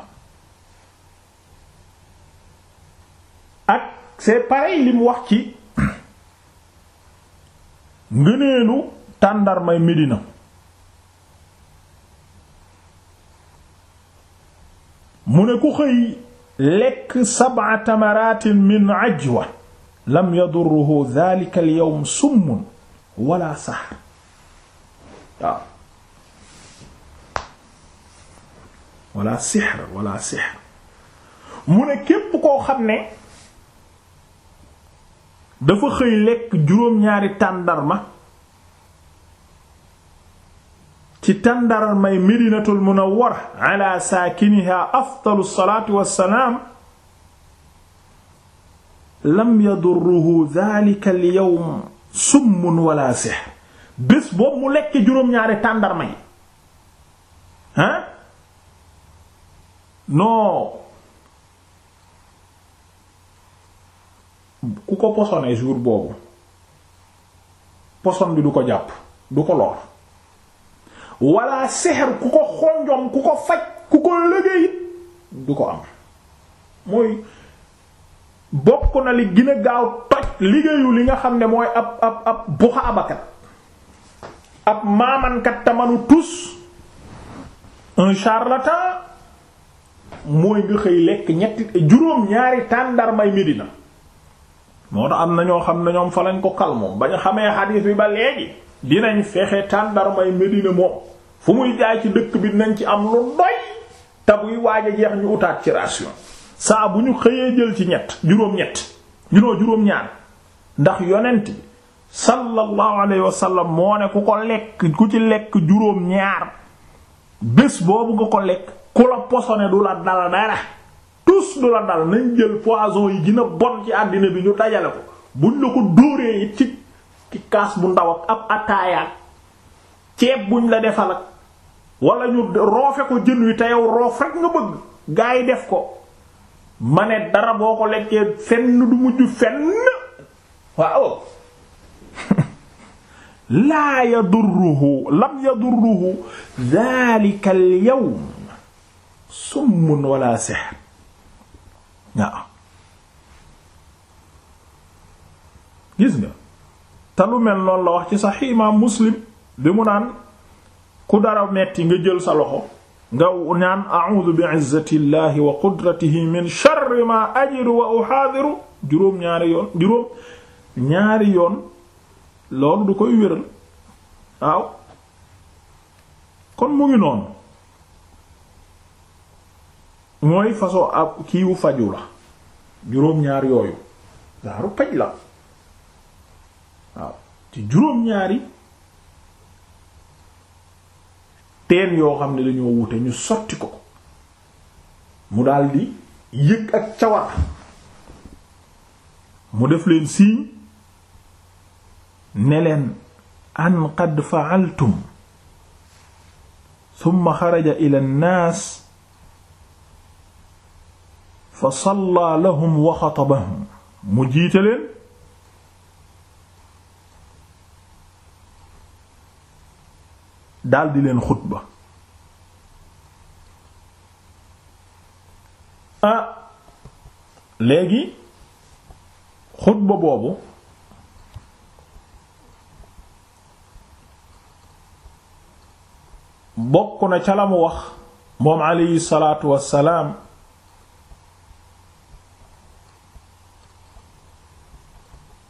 ak c'est pareil li wax ci ngëneelu tàndarmay Medina mu ne ku xëy lekk sab'a tamaratin min ajwa lam yadurruhu dhalika al-yawm summun wala sahar waaw wala sihr wala mu ne képp koo xam ne dafa xëy lekk juróom-ñaari tàndarma ci tàndaral may medinatul munawwara ala saakiniha afdalu salaatu wassalaam lam yadurruhu dhalika al-yawm summun wala sihr bés boobu mu lekk juróom-ñaari tàndarma yi ah non ku ko posone jour boobu poson bi du ko jàpp du ko lor wala seher ku ko xonjom ku ko faj ku ko liggéey du ko am mooy bokk na li gën gaaw toj liggéeyu li nga xam ne mooy ab ab ab buxaabakat ab maamankat tamanu tus un charlatan mooy nga xëy lekk ñetti juróom ñaari tàndarmay Medina moo tax am na ñoo xam ne ñoom fa lañ ko kal moom bañ xamee xadiis bi ba léegi dinañ fexe tàndarmay Medina moom fu muy jaay ci dëkk bi nañ ci am lu doy te buy waaj a jeex ñu utaat ci ration saa bu ñu xëyee jël ci ñett juróom-ñett junoo juróom-ñaar ndax yonent bi sallallahu alayhi wa sallam moo ne ku ko lekk ku ci lekk juróom-ñaar bés boobu nga ko lekk ku la posone du la dal dara tous du la dal nañ jël poison yi dina a bon ci àddina bi ñu dajale ko buñ la ko dóoree it ci ki kaas bu ndaw ak ab ataayaak ceeb buñ la defal ak wala ñu roofe ko jën wi te yow roof rek nga bëgg gaa yi def ko ma ne dara boo ko lekkee fenn du mujj fenn waaw [LAUGHS] laa yadurruhu lam yadurruhu dhalika al-yawm summun wala sihr waaw gis nga talu lu mel noonu la wax ci sa imaam muslim bi mu naan ku dara metti nga jël sa loxo nga naan a'udhu bi izzati llahi wa qudratihi min sharri ma ajidu wa uhaadiru juróom ñaari yoon juróom ñaari yoon loolu du koy wéral waaw kon mu ngi noonu mooy façon ab kiiwu faju la juróom ñaar yooyu daaru paj la ci juróom-ñaari teen yoo xam ne dañoo wute ñu sotti ko mu daldi yëg ak cawar mu def leen siiñ ne leen an qad fa'altum thumma xaraja ila naas fa salla lahum wa xatabahum mu jiite leen daldi leen xutba ah, léegi xutba boobu bokk na ca la mu wax moom alayhi salaatu wassalaam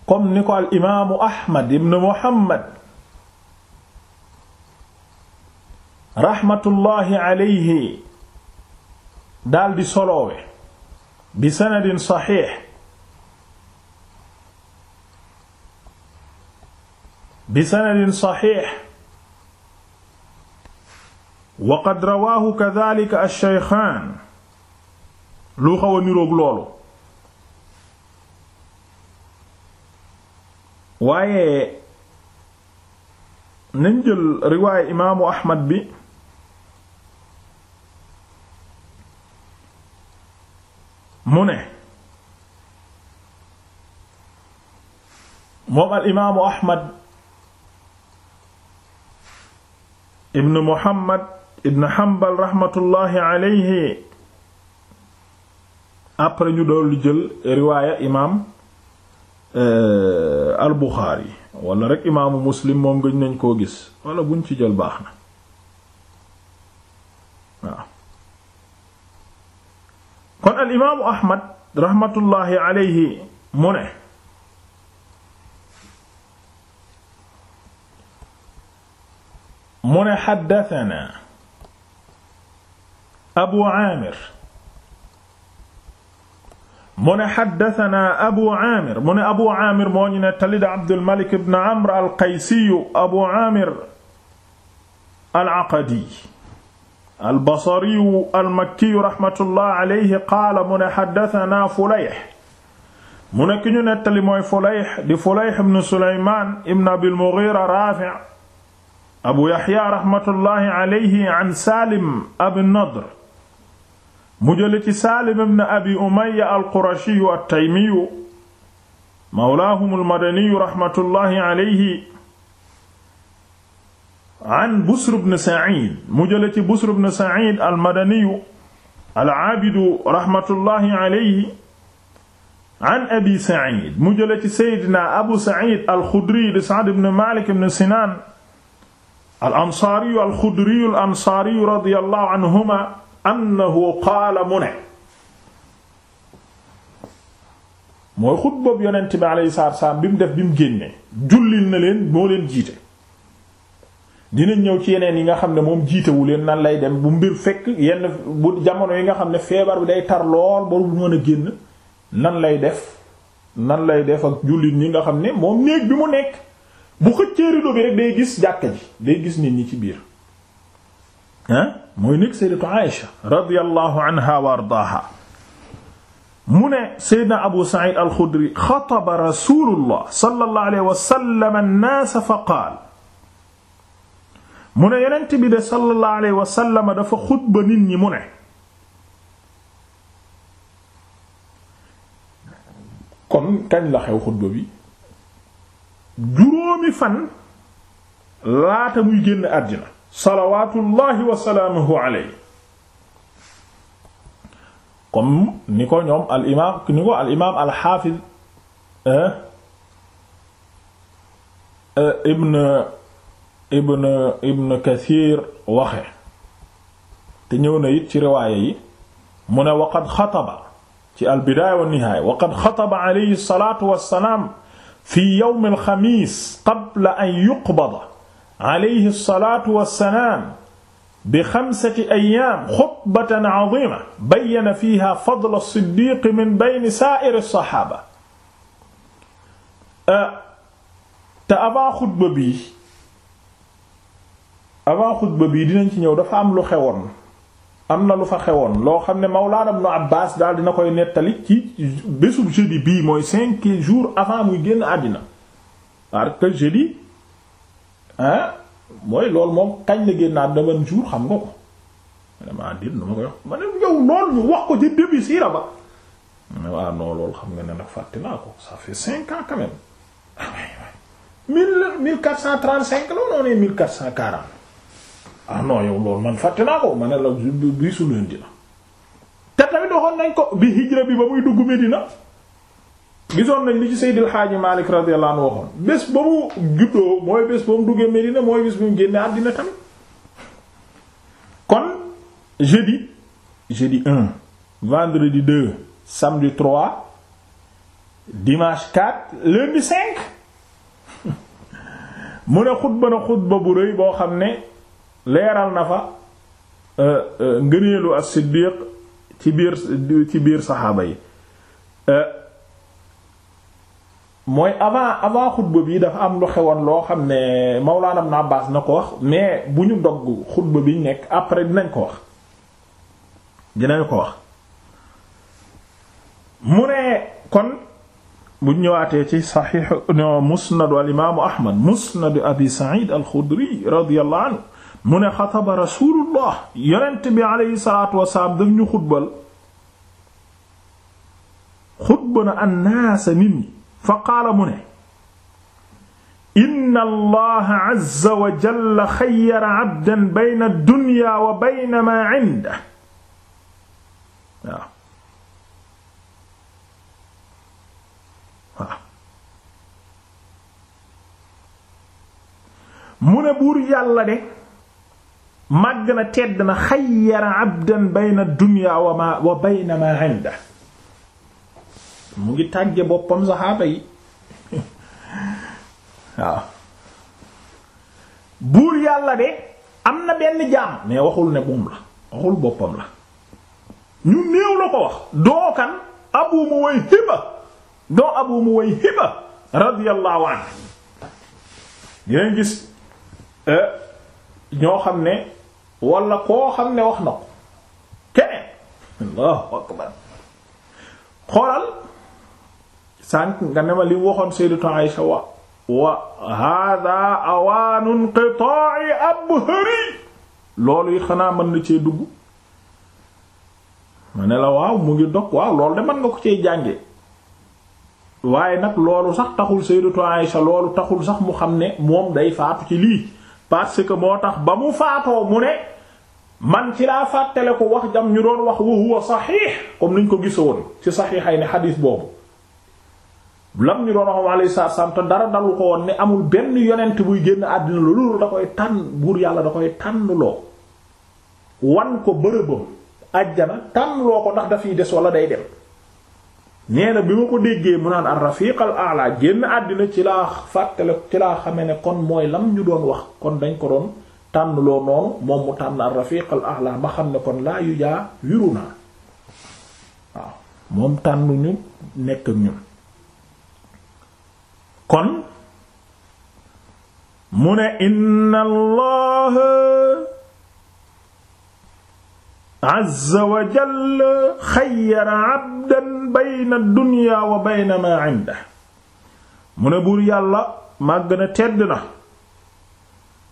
comme ni ko al imaamu ahmad ibn muhammad raxmatullahi alayhi daldi soloowe bi sanadin saxiix bi sanadin saxiix wa qad rawaahu kadaalika ash-shaykhaan lu xaw a niroog loolu waaye nañ jël riwaaye imaamu Ahmad bi mu ne moom al imaamu ahmad ibn muhammad ibn hanbal rahmatullahi alayhi après ñu doon lu jël riwaaya imaam euh, al buxaari wala rek imaamu muslim moom gëj nañ koo gis wala buñ ci jël baax na al imaamu ahmad rahmatullahi alayhi mu ne mu ne xaddatana abu aamir mu ne xaddatana abu aamir mu ne abu aamir moo ñu ne talid abdulmalik ibn amr alqaysiyu abu aamir alaqadi albasariyu almakkiyu rahmatullah alayhi qaala mu ne xaddatanaa fulayx mu nekk ñu nettali mooy fulayx di fulayx ibn suleymaan ibn abil mughira raafi' abu yaxya rahmatullahi alayhi an saalim abi nadr mu jële ci saalim ibn abi umayya alqurashiyu attaymiyu mawlaahum almadaniyu rahmatullahi alayhi an Busr ibn Sa'id mu jële ci Busr ibn Sa'id al-Madaniyu al-Aabidu rahmatullahi alayhi an Abi Sa'id mu jële ci Seydina Abu Sa'id al-Khudri di Sa'd ibn Malik ibn Sinan al-Ansaariyu al-Khudriyu al-Ansaariyu radiyallahu anhuma annahu qaala mu ne mooy xutba bu Yonent bi alayhi salaatu wa salaam bi mu def bi mu génnee jullil na leen moo leen jiite dina ñëw ci yeneen yi nga xam ne moom jiitewu leen nan lay dem bu mbir fekk yenn bu jamono yi nga xam ne feebar bi day tar lool ba mu a génn lay def nan lay def ak ñi nga xam ne moom bi mu nekk bu xëccee rido bi rek day gis jàkka day gis nit ñi ci biir ah mooy nekk sayyidatu Aïsha radiyallahu anha wa ardaaha mu ne sayyidna Abu Sa'id al-Khudri xataba rasulullah sallallahu alayhi wa sallam an-nas fa qaala mu ne yonent bi de sallallahu alayhi dafa xutba nit ñi mu ne kon kañ la xew xutba bi juróomi fan laata muy génn àddina salawaatullahi wa salaamuhu alayhi ni ko ñoom al ni ko al imaam eh, eh, ibn ibn ibn kathir waxe te ñëw na it ci riwaaya yi mu ne waqad xataba ci albidaaya wa nihaaya waqad xataba alayhi salaatu wassalaam fi yawm alxamiis qabla an yuqbada alayhi salaatu wassalaam bi xamsati ayyaam xutbatan aziima bayyana fiihaa fadla siddiiq min bayni saa'iri saxaaba te avant xutba bi avant xutba bii dinañ ci ñëw dafa am lu xewoon am na lu fa xewoon loo xam ne Mawlaana Ibnu Abbaas daal dina koy nettali ci bésu jeudi bii mooy cinq jours avant muy génn àddina parce que jeudi mooy lool moom kañ la génn àddina ban jour xam nga ko vraiment dir na ma koy wax ma ne yow loolu ñu wax ko ci début siira ba waaw non loolu xam nga ne nag fàtte naa ko ça fait cinq ans quand même [LAUGHS] mille quatre cent trente-cinq la noonu mille quatre cent ah non yow loolu man fàtte naa ko ma la bisu lundi la te tamit waxoon nañ ko bi hijra bi ba muy dugg Medina gisoon nañ li ci Seydil ma Malik radiyallahu anhu waxoon bés ba mu juddoo mooy bés ba mu duggee Medina mooy bés ba mu génnee àddina tamit kon jeudi jeudi un vendredi deux samedi trois dimanche quatre lundi cinq [LAUGHS] mu ne xutba na xutba bu rëy boo xam ne leeral na fa euh, euh, ngëneelu as-Siddiq ci biir ci biir saxaaba yi euh, mooy avant avant xutba bi dafa am lu xewoon loo xam ne Mawlaana Ibn Abbaas na ko wax mais bu ñu dogg xutba bi nekk après dinañ ko wax dinañ ko wax mu ne kon bu ñëwaatee ci saxiix no musnadu al imaamu Ahmad musnadu Abi Saïd al-Xudri radiyallahu anhu mu ne xataba rasulullah yonent bi aleyhi salaatu wasalaam daf ñu xutbal xutba na annaasa nit ñi fa qaala mu ne inna allaha azza wa jalla xayyara abdan bayna dunya wa bayna ma inda waaw waaw mu ne buur yàlla de mag na tedd na xayyara abdan bayna dunya wa ma wa bayna ma inda mu ngi tàgge boppam saxaaba yi [LAUGHS] waaw buur yàlla de am na benn jaam mais waxul ne buum la waxul boppam la ñu néew la ko wax doo kan abu muwayhiba doo abu muwayhiba radiyallahu anhu dinañ gis eh, ñoo xam ne wala koo xam ne wax na ko keneen allahu akbar xoolal sànq nga ne ma li waxoon sayyidatu Aisha wa wa hada awaanu inqita'i abhari loolu it xanaa mën na cee dugg ma ne la waaw mu ngi dog waaw loolu de mën nga ko cee jànge waaye nag loolu sax taxul sayyidatu Aisha loolu taxul sax mu xam ne moom day faatu ci lii parce que moo tax ba mu faatoo mu ne man ci laa fàttale ko wax jam ñu doon wax wa huwa saxiix comme niñ ko gisoon ci saxiixay ne xadiis boobu lam ñu doon wax moom te dara dalu ko woon ne amul benn yonent buy génn àddina loolu da koy tànn buur yàlla da koy tànnloo wan ko bërëbam àjjana tànnloo ko ndax dafiy des wala day dem nee na bi ma ko déggee mu naan ar-rafiq al-a'la génn àddina ci laa fàttale ci laa xamee ne kon mooy lam ñu doon wax kon dañ ko doon tànn loo noonu moom mu tànn ar-rafiq al-a'la ma xam ne kon laa yu jaa wiru naa waaw moom tànn ñu nekk ñun kon mu ne inna allah azza wa jalla xayyara abdan bayna dunya wa bayna ma inda mu ne buur yàlla màgg na tedd na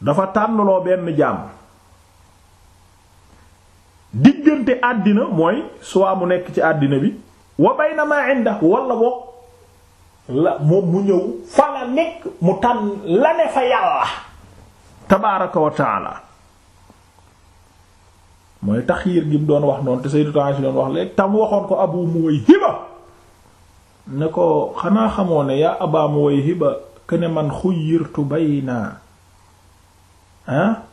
dafa tànnloo benn jàmm diggante àddina mooy soit mu nekk ci àddina bi wa bayna ma inda walla boo la moom mu ñëw fa la nekk mu tànn la ne fa yàlla tabaaraka wa taala mooy taxyiir gi mu doon wax noonu te Sayyidatu Aisha doon wax léegi tam waxoon ko Abu Muwayhiba ne ko xanaa xamoo ne yaa Aba Muwayhiba kene man xuyyirtu bayna ah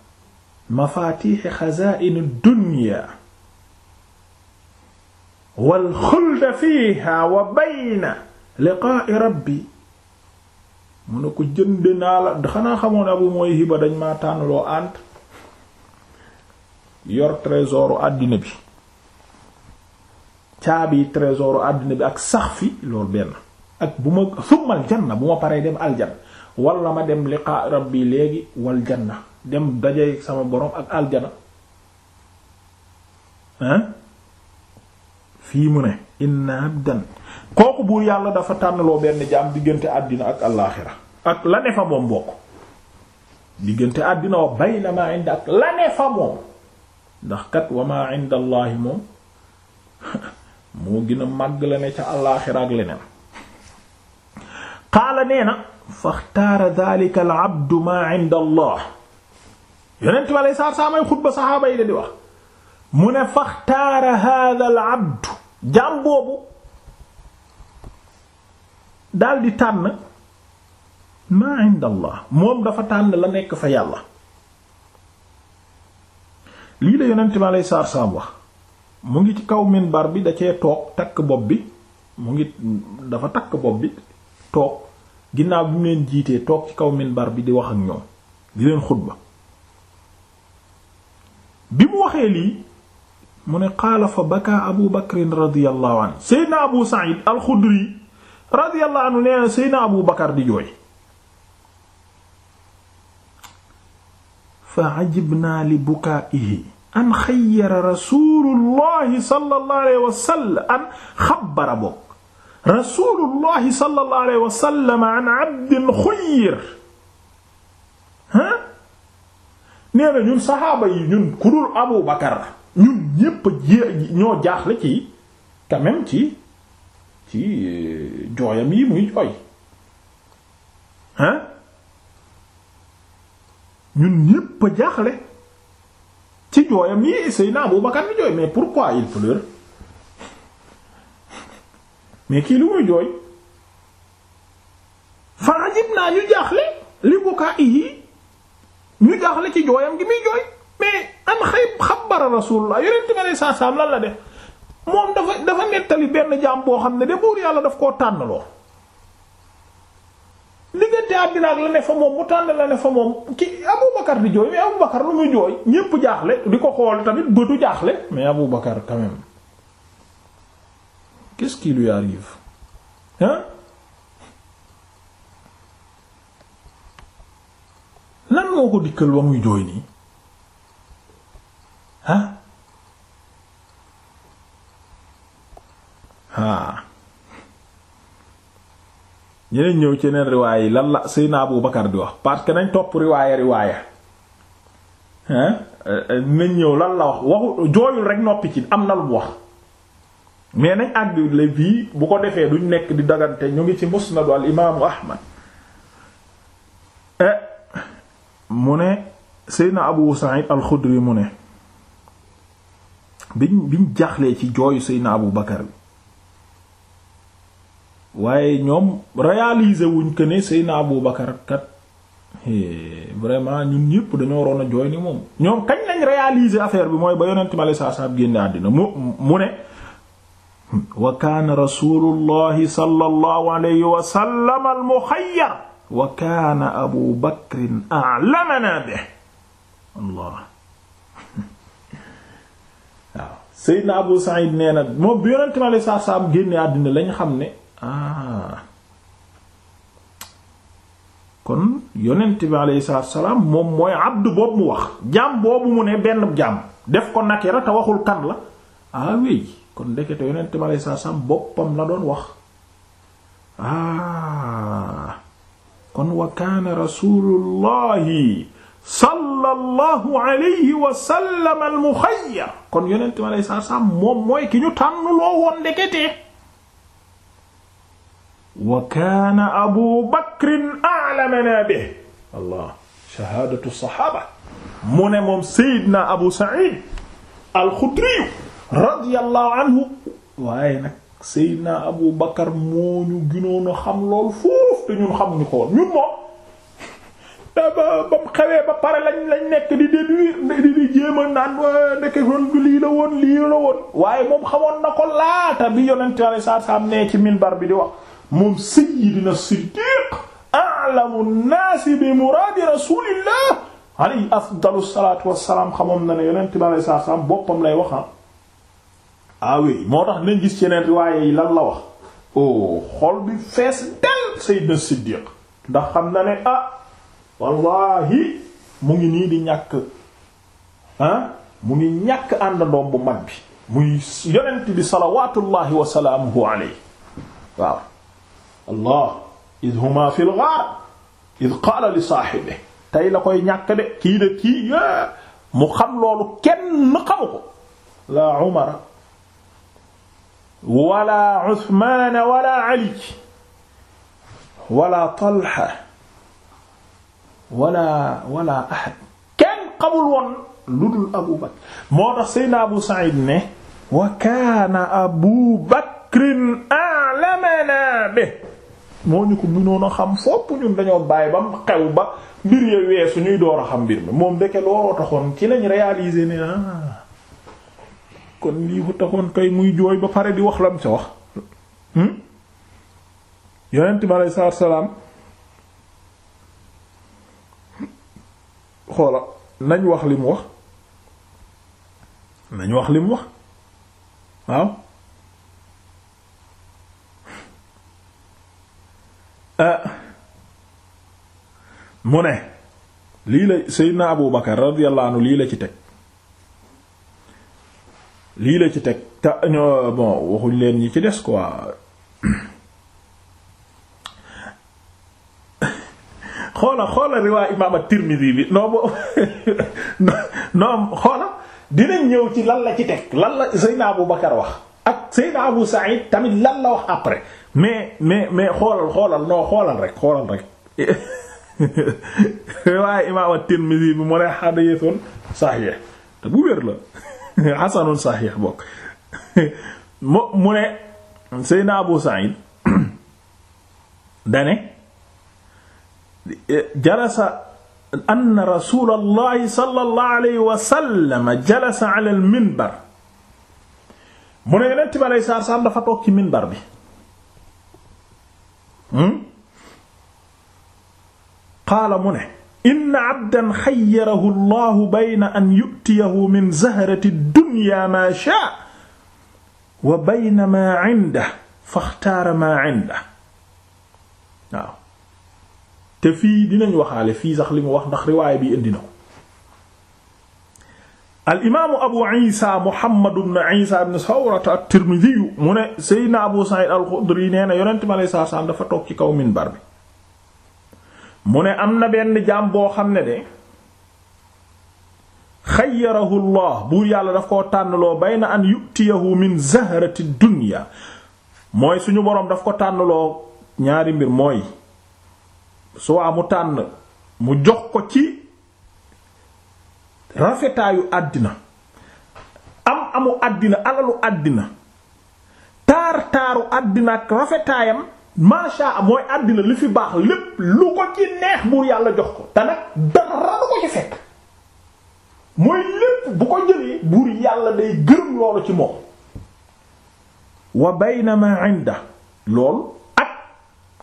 mafatixi xazaini dunya wal xulda fiha wa bayna liqaai rabbi mu ne ko jënd naa la xanaa xamoo ne Abu Muwayhiba dañ maa tànnloo ànt yor trésoru àddina bi caabi trésoru àddina bi ak sax fi loolu benn ak bu ma summal janna bu ma paree dem aljanna walla ma dem liqa bi léegi wal janna dem daje sama borom ak aljana ah fii mu ne inna abdan kooku buur yàlla dafa tànnaloo benn jaam diggante àddina ak alaaxira ak la ne fa moom bokk diggante àddina wa bayna ma inda ak la ne fa moom ndax kat wama inda allahi [LAUGHS] gën a màgg la ne ca àllaaxira ak leneen qaala nee na faxtaara dalika al abdu ma inda allah yonent bi wax mu ne faxtaara hada al abdu jaam boobu di tànn ma inda allah dafa tànn la nekk fa yàlla lii la yonent ma lay saar saam wax mu ngi ci kaw minbar bi da toog takk bopp bi mu ngi dafa takk bopp bi toog ginnaaw bi mu leen jiitee toog ci kaw bar bi di wax ak ñoom di leen xutba bi mu waxee lii mu ne qaala fa baka abu bakrin radiyallahu anhu seydna abu sa'id al radiyallahu anhu nee na seydna abu bakar di jooy fa ajibnaa li bukaa'ihi an xayyara rasulullahi sallallahu alayhi wa sallam an xabbara bokk rasulullahi sallallahu alayhi wa sallam an abdin xuyyir ah nee na ñun saxaaba yi ñun ku dul Abu Bakar ñun ñépp jé ñoo jaaxle ci quand même ci ci euh, jooyam yi muy jooy ah ñun ñépp jaaxle ci jooyam yi Seydina ba Bakar ni jooy mais pourquoi il pleure mais kii lu muy jooy fa naa ñu jaaxle li bukaa'ihi ñu jaaxle ci jooyam gi muy jooy mais an xay xabara rasulullah yonent ma ne saa saam lan la def moom dafa dafa nettali benn jaam boo xam ne de buur yàlla daf koo tànnaloo te àddina ak la ne fa moom mu tànn la ne fa moom ki Aboubacar di jooy mais Aboubacar lu muy jooy ñépp jaaxle di ko xool tamit bëtu jaaxle mais Aboubacar quand même quest arrive hein lan moo ko dikkal ba muy jooy nii ah ah ñeneen ñëw ci yeneen riwaay yi lan la Seydina Abu Bakar di wax parce que nañ topp riwaaya riwaaya euh, euh, nañ ñëw lan la wax waxu jooyul rek noppi ci am na lu wax mais nañ àgg le bii bu ko defee duñ nekk di dagante ñu ngi ci musnadu al imaamu Ahmad eh, mu ne Seydina Abu Sa'id al-Khudri mu ne bi biñ jaxlee ci jooyu Seydina Abu Bakar bi waaye ñoom réaliser wuñ que ne Seyna Abu Bakar kat eh, vraiment ñun ñëpp dañoo waroon a jooy ni moom ñoom kañ lañ réaliser affaire bi mooy ba yonent ma la saa saab génne àddina mu [LAUGHS] moom bi yonent ma la saa saab génne àddina lañ xam ne ah kon yonent bi aleyhi salaatu salaam moom mooy abdu boobu mu wax jaam boobu mu ne benn jaam def ko nakira te waxul kan la ah kon ndekete yonent bi aleyhi salaatu salaam boppam la doon wax ah. kon wa kaana rasulullahi sallallahu alayhi wa sallam kon yonent bi aleyhi salaatu salaam moom mooy ki ñu tànn loo woon ndekete wa kaana abu bakrin a'lamana bi allah ne moom Seydina Abu Saïd al-Xudri radiyallahu anhu waaye nag Seydina Abu xam lool foofu ko woon ñun moom ba ba mu lañ nekk di déduire di a naan nekk loolu la woon lii waaye moom xamoon na ko laata bi yonent Yàlla am ci minbar bi di wax. moom sayyidina siddiq a'lamu nnaasi bi muraadi rasulillah alayhi afdalu salaatu wassalaam xamoon na ne yonent bi alayhi salaatu wassalaam boppam lay wax ah, ah moo tax nañ gis yeneen riwaaye yi lan la wax oh, xool bi fees del sayyidina siddiq ndax xam na ne ah wallahi mu ngi nii di ñàkk ah mu ngi ñàkk àndandoom bu mag bi muy yonent bi salawatullahi wa salaamuhu waaw allah id huma fi lgaar id qaala li saaxibi tey la koy ñàkk de kii de kii mu xam loolu kenn xamu ko laa umara wala usmaana wala ali wala talha wala wala ahad kenn xamul woon lu dul abu bakr moo tax seydna abu said ne wa kaana abu bakrin a'lamana bihi moo ñu ko mënoon a xam fopp ñun dañoo bàyyi ba mu xew ba mbir ya weesu ñuy door a xam mbir mi moom ndeke looloo taxoon ci lañ réaliser ne ah kon lii ko taxoon kay muy jooy ba pare di wax lam sa wax hmm? yonent bi aleyhi salaatu wax li mu wax nañ wax li mu wax waaw Ah. mu ne lii la Seydina Abu Bakar radiyallahu anhu lii la ci teg lii la ci teg te bon waxuñ leen ñi ci des quoi [COUGHS] xoola xoola riwaa imaam at-Tirmidhi bi non bo [LAUGHS] non xoola dinañ ñëw ci lan la ci teg lan la Seydina Abu Bakar wax ak Seydina Abu Saïd tamit lan la wax après mais mais mais xoolal xoolal non xoolal rek xoolal rek [LAUGHS] waaye imaam at-Tirmidhi bi mu ne xadiisun saxiix te bu wér la [LAUGHS] xasanun saxiix bokk [LAUGHS] mu mu ne Seydina Abu Saïd [CLEARS THROAT] dane jalasa anna rasuulallahi sallallahu alayhi wa sallam jalasa ala al-minbar mu ne yonent bi alayhi salaatu salaam dafa toog ci minbar bi hmm? qaala mu ne inna abdan xayyarahu llahu bayna an yu'tiyahu min zahrati dunya maa shaa wa bayna maa indahu faxtaara maa indahu waaw te fii dinañ waxaale fii sax li mu wax ndax riwaaya bi indi na ko al imaamu abu isa muhammad ibn isa ibn sawrata at-tirmidhi mu ne seydina abu sa'id al-khudri nee na yonent mi alayhi salaatu salaam dafa toog ci kaw minbar bi mu ne am na benn jaam boo xam ne de xayyarahu allah buur yàlla daf koo tànnloo bayna an yu'tiyahu min zahrati dunya mooy suñu boroom daf ko tànnloo ñaari mbir mooy su waa mu tànn mu jox ko ci rafetaayu àddina am amu àddina alalu àddina taar taaru àddina ak rafetaayam maasha mooy àddina li fi baax lépp lu ko ci neex buur yàlla jox ko te nag dara du ko ci fekk mooy lépp bu ko jëlee buur yàlla day gërëm loolu ci moom wa baynama inda loolu ak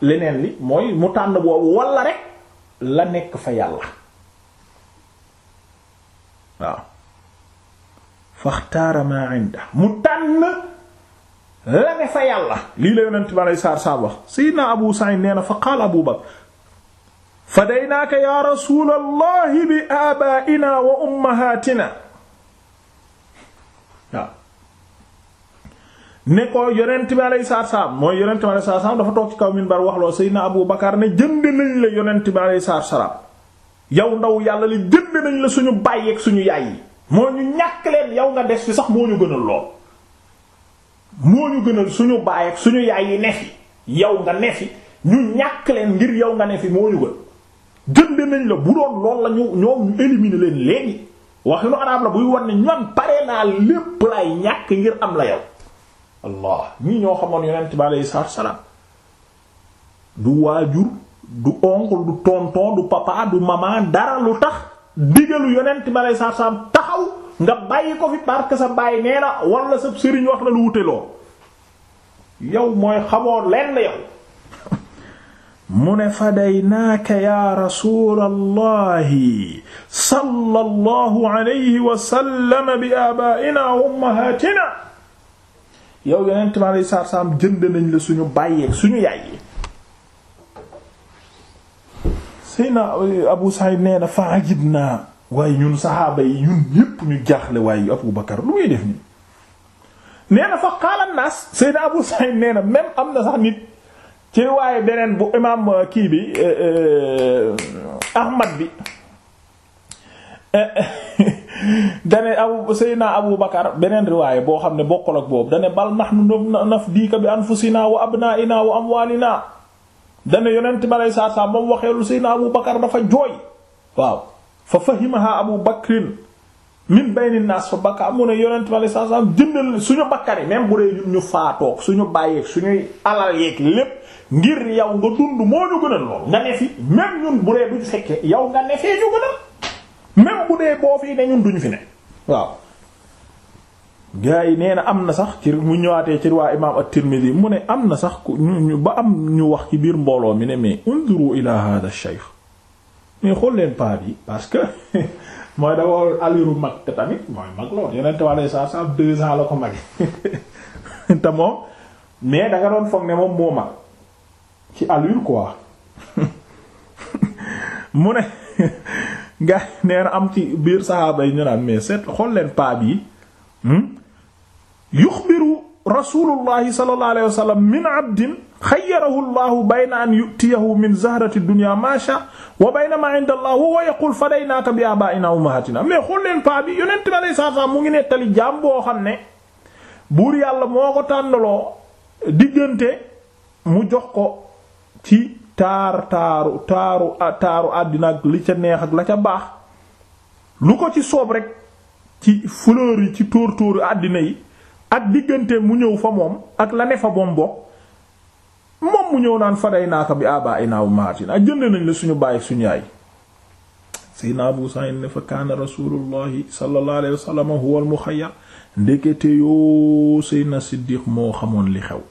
leneen li mooy mu tànn woowu walla rek la nekk fa yàlla waaw faxtaara ma inda mu tànn la ne fa yàlla lii la yonent bi aleyhi salaatu salaam wax sayyidina abu sa'id nee na fa qaala abu bakr fadaynaaka yaa rasuulallahi bi aabaa'inaa wa ummahaatinaa ne ko yonent bi aleyhi salaatu mooy yonent bi aleyhi salaatu dafa toog ci kaw minbar wax loo sayyidina abu bakar ne jënd nañ la yonent bi aleyhi salaatu yow ndaw yàlla li génne nañ la suñu baay suñu yaay yi moo ñu ñàkk leen yow nga def fi sax moo ñu gënal lool moo ñu gënal suñu baay ak suñu yaay yi ne yow nga ne fi ñu ñàkk leen ngir yow nga ne fi moo ñu gën jënde nañ la bu doon lool la ñu ñoom ñu éliminer leen léegi waxinu arab la buy wan ne ñoom pare naa lépp lay ñàkk ngir am la yow allah ñii ñoo xamoon yonent bi aleyhi salaatu salaam du waajur du oncle du tonton du papa du mama dara lu tax digalu yonent bi aleyhi salaatu taxaw nga bàyyi ko fi parce que sa baay nee na wala sa sëriñ wax na lu wute yow mooy xamoo lenn yow mu ne fadaynaaka ya rasulallahi sallallahu alayhi wa sallam bi abaa'ina ummahaatina yow yonent bi aleyhi salaatu jënd nañ la suñu baay suñu yaay Seyna euh, Abu Saïd nee na fa ajibna waaye ñun saxaaba yi ñun ñépp ñu jaaxle waaye Abu Bakar lu muy def nii nee fa qaala naas Seyna Abu Saïd nee na am na sax nit ci waaye beneen bu imaam euh, kii bi euh, Ahmad bi [LAUGHS] dane abu seyna abu bakar beneen riwaaye boo xam ne bokk ak boobu dane bal nahnu naf diika bi anfusina wa abnaina wa amwalina dana yonent bi aleyhi salaatu salaam moom waxeelu Seydina Abu Bakar dafa jooy waaw fa fahimaha Abu Bakrin min bayni naas fa bakka mu ne yonent bi aleyhi salaatu salaam jëndal suñu bakkar yi même bu dee ñu faatoog suñu bàyyeeg suñuy alal yeek lépp ngir yow nga dund moo ñu gënal lool nga ne fi même ñun bu dee duñ fekkee yow nga ne fee ñu gënal même bu dee boo fii ne ñun duñ fi ne waaw gaa yi nee na am na sax ci mu ñëwaatee ci waa imaam at-Tirmidhi mu ne am na sax ñu ba am ñu wax ci biir mbooloo mi ne mais unzuru ila hadha shaykh mais xool leen paa bi parce que [LAUGHS] mooy dafa war aliru mag te tamit mooy mag la ko mag [LAUGHS] te moom mais ne [LAUGHS] nga nee am ci biir saxaaba yi ñu naan mais seet xool leen paa bi. Hmm? yuxbiru rasulullahi sallallahu alayhi wa sallam min abdin xayyarahu llahu bayna an yutiyahu min zahrati dunya ma sha wa bayna ma inda allah wa yaqul fadaynaaka bi abaina ummahatina mais xool leen paa bi yonent bi alayhi salaatu mu ngi nettali jaam boo xam ne buur yàlla moo ko tànnaloo diggante mu jox ko ci taar taaru taaru taaru àddina li ca neex la ca baax lu ko ci soob rek ci fleur yi ci tóor tóoru àddina yi ak diggante mu ñëw fa moom ak la ne fa moom bokk moom mu ñëw naan faday naaka bi aba inaaw maatin ak jënd nañ la suñu bàyyi suñu yaay sayna Abu Sa'id ne fa kaana rasulullahi sallallahu alayhi wasallam huwa al mukhayyar ndekete yoo sayna Siddiq moo xamoon li xew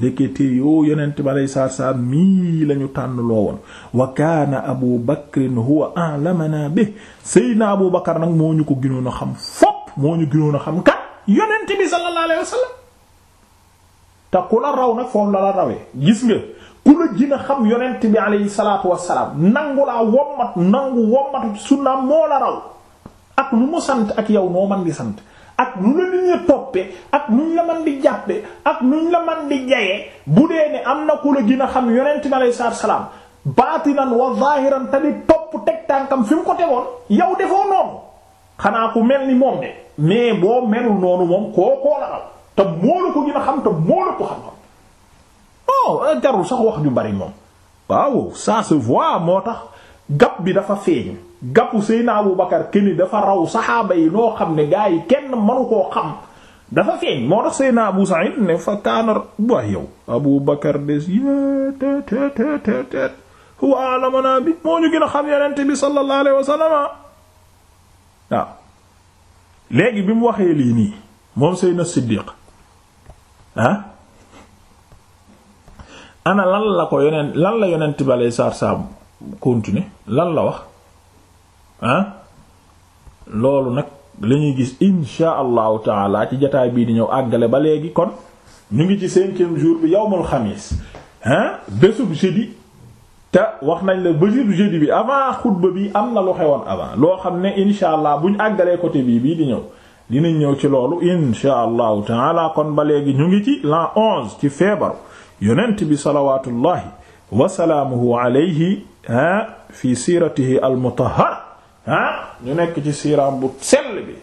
ndekete yoo yonent bi alayhi salaatu salaam mii lañu tànn loo woon wa kaana Abu Bakrin huwa a'lamana bi sayna Abu Bakar nag moo ñu ko gënoon a xam fopp moo ñu gënoon a xam kat yonent bi sallallahu alayhi wasallam te ku la raw nag foofu la la rawee gis nga ku la gën a xam yonent bi alayhi salaatu wassalaam nangu laa wommat nangu wommatu sunna moo la raw ak lu mu sant ak yow noo man di sant ak lu la nit ñi toppee ak nuñ la man di jàppe ak nuñ la man di jayee bu dee ne am na ku la gën xam yonent bi alayhi salaatu wassalaam baatinan wa zaahiran tamit topp teg tànkam fi mu ko tegoon yow defoo noonu xanaa ko mel ni moom de mais boo melul noonu moom kookoo la raw te moo ko gën a xam te moo la ko xam-xam oh euh, jarul sax wax ju bari moom waaw ça se voit moo tax gap bi dafa gàpp gapu na Abu Bakar keni dafa raw saxaaba yi xam ne gaa yi kenn mënu koo xam dafa feeñ moo tax Seydina Abu Sa'id ne fa kaana waa yow Abu Bakar des yé eh, tet tet tet tet huwa alamana bi moo ñu gën a xam yonent bi sallallahu alayhi léegi bi mu waxee lii nii moom Seydina Siddiq ah ana lan la ko yonent lan la yonent balay saar saam continuer lan la wax ah loolu nag la ñuy gis insha allahu taala ci jataay bii di ñëw àggale ba léegi kon ñu ngi ci cinquième jour bi yawmul xamis ah bésub jeudi te wax nañ la bëjidu jeudi bi avant xutba bi am na lu xewoon avant loo xam ne insha allah buñ àggalee côté bii bii di ñëw dinañ ñëw ci loolu insha allahu taala kon ba léegi ñu ngi ci l'an onze ci feebaru yonent bi salawatullahi wasalaamuhu alayhi ah fi siratihi almutahara ah ñu nekk ci siiraam bu sell bi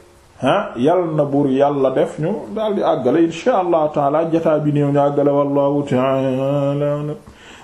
ah yal na buur yàlla def ñu daal di àggale insha allahu taala jataa bi néew ñu àggale wallahu taala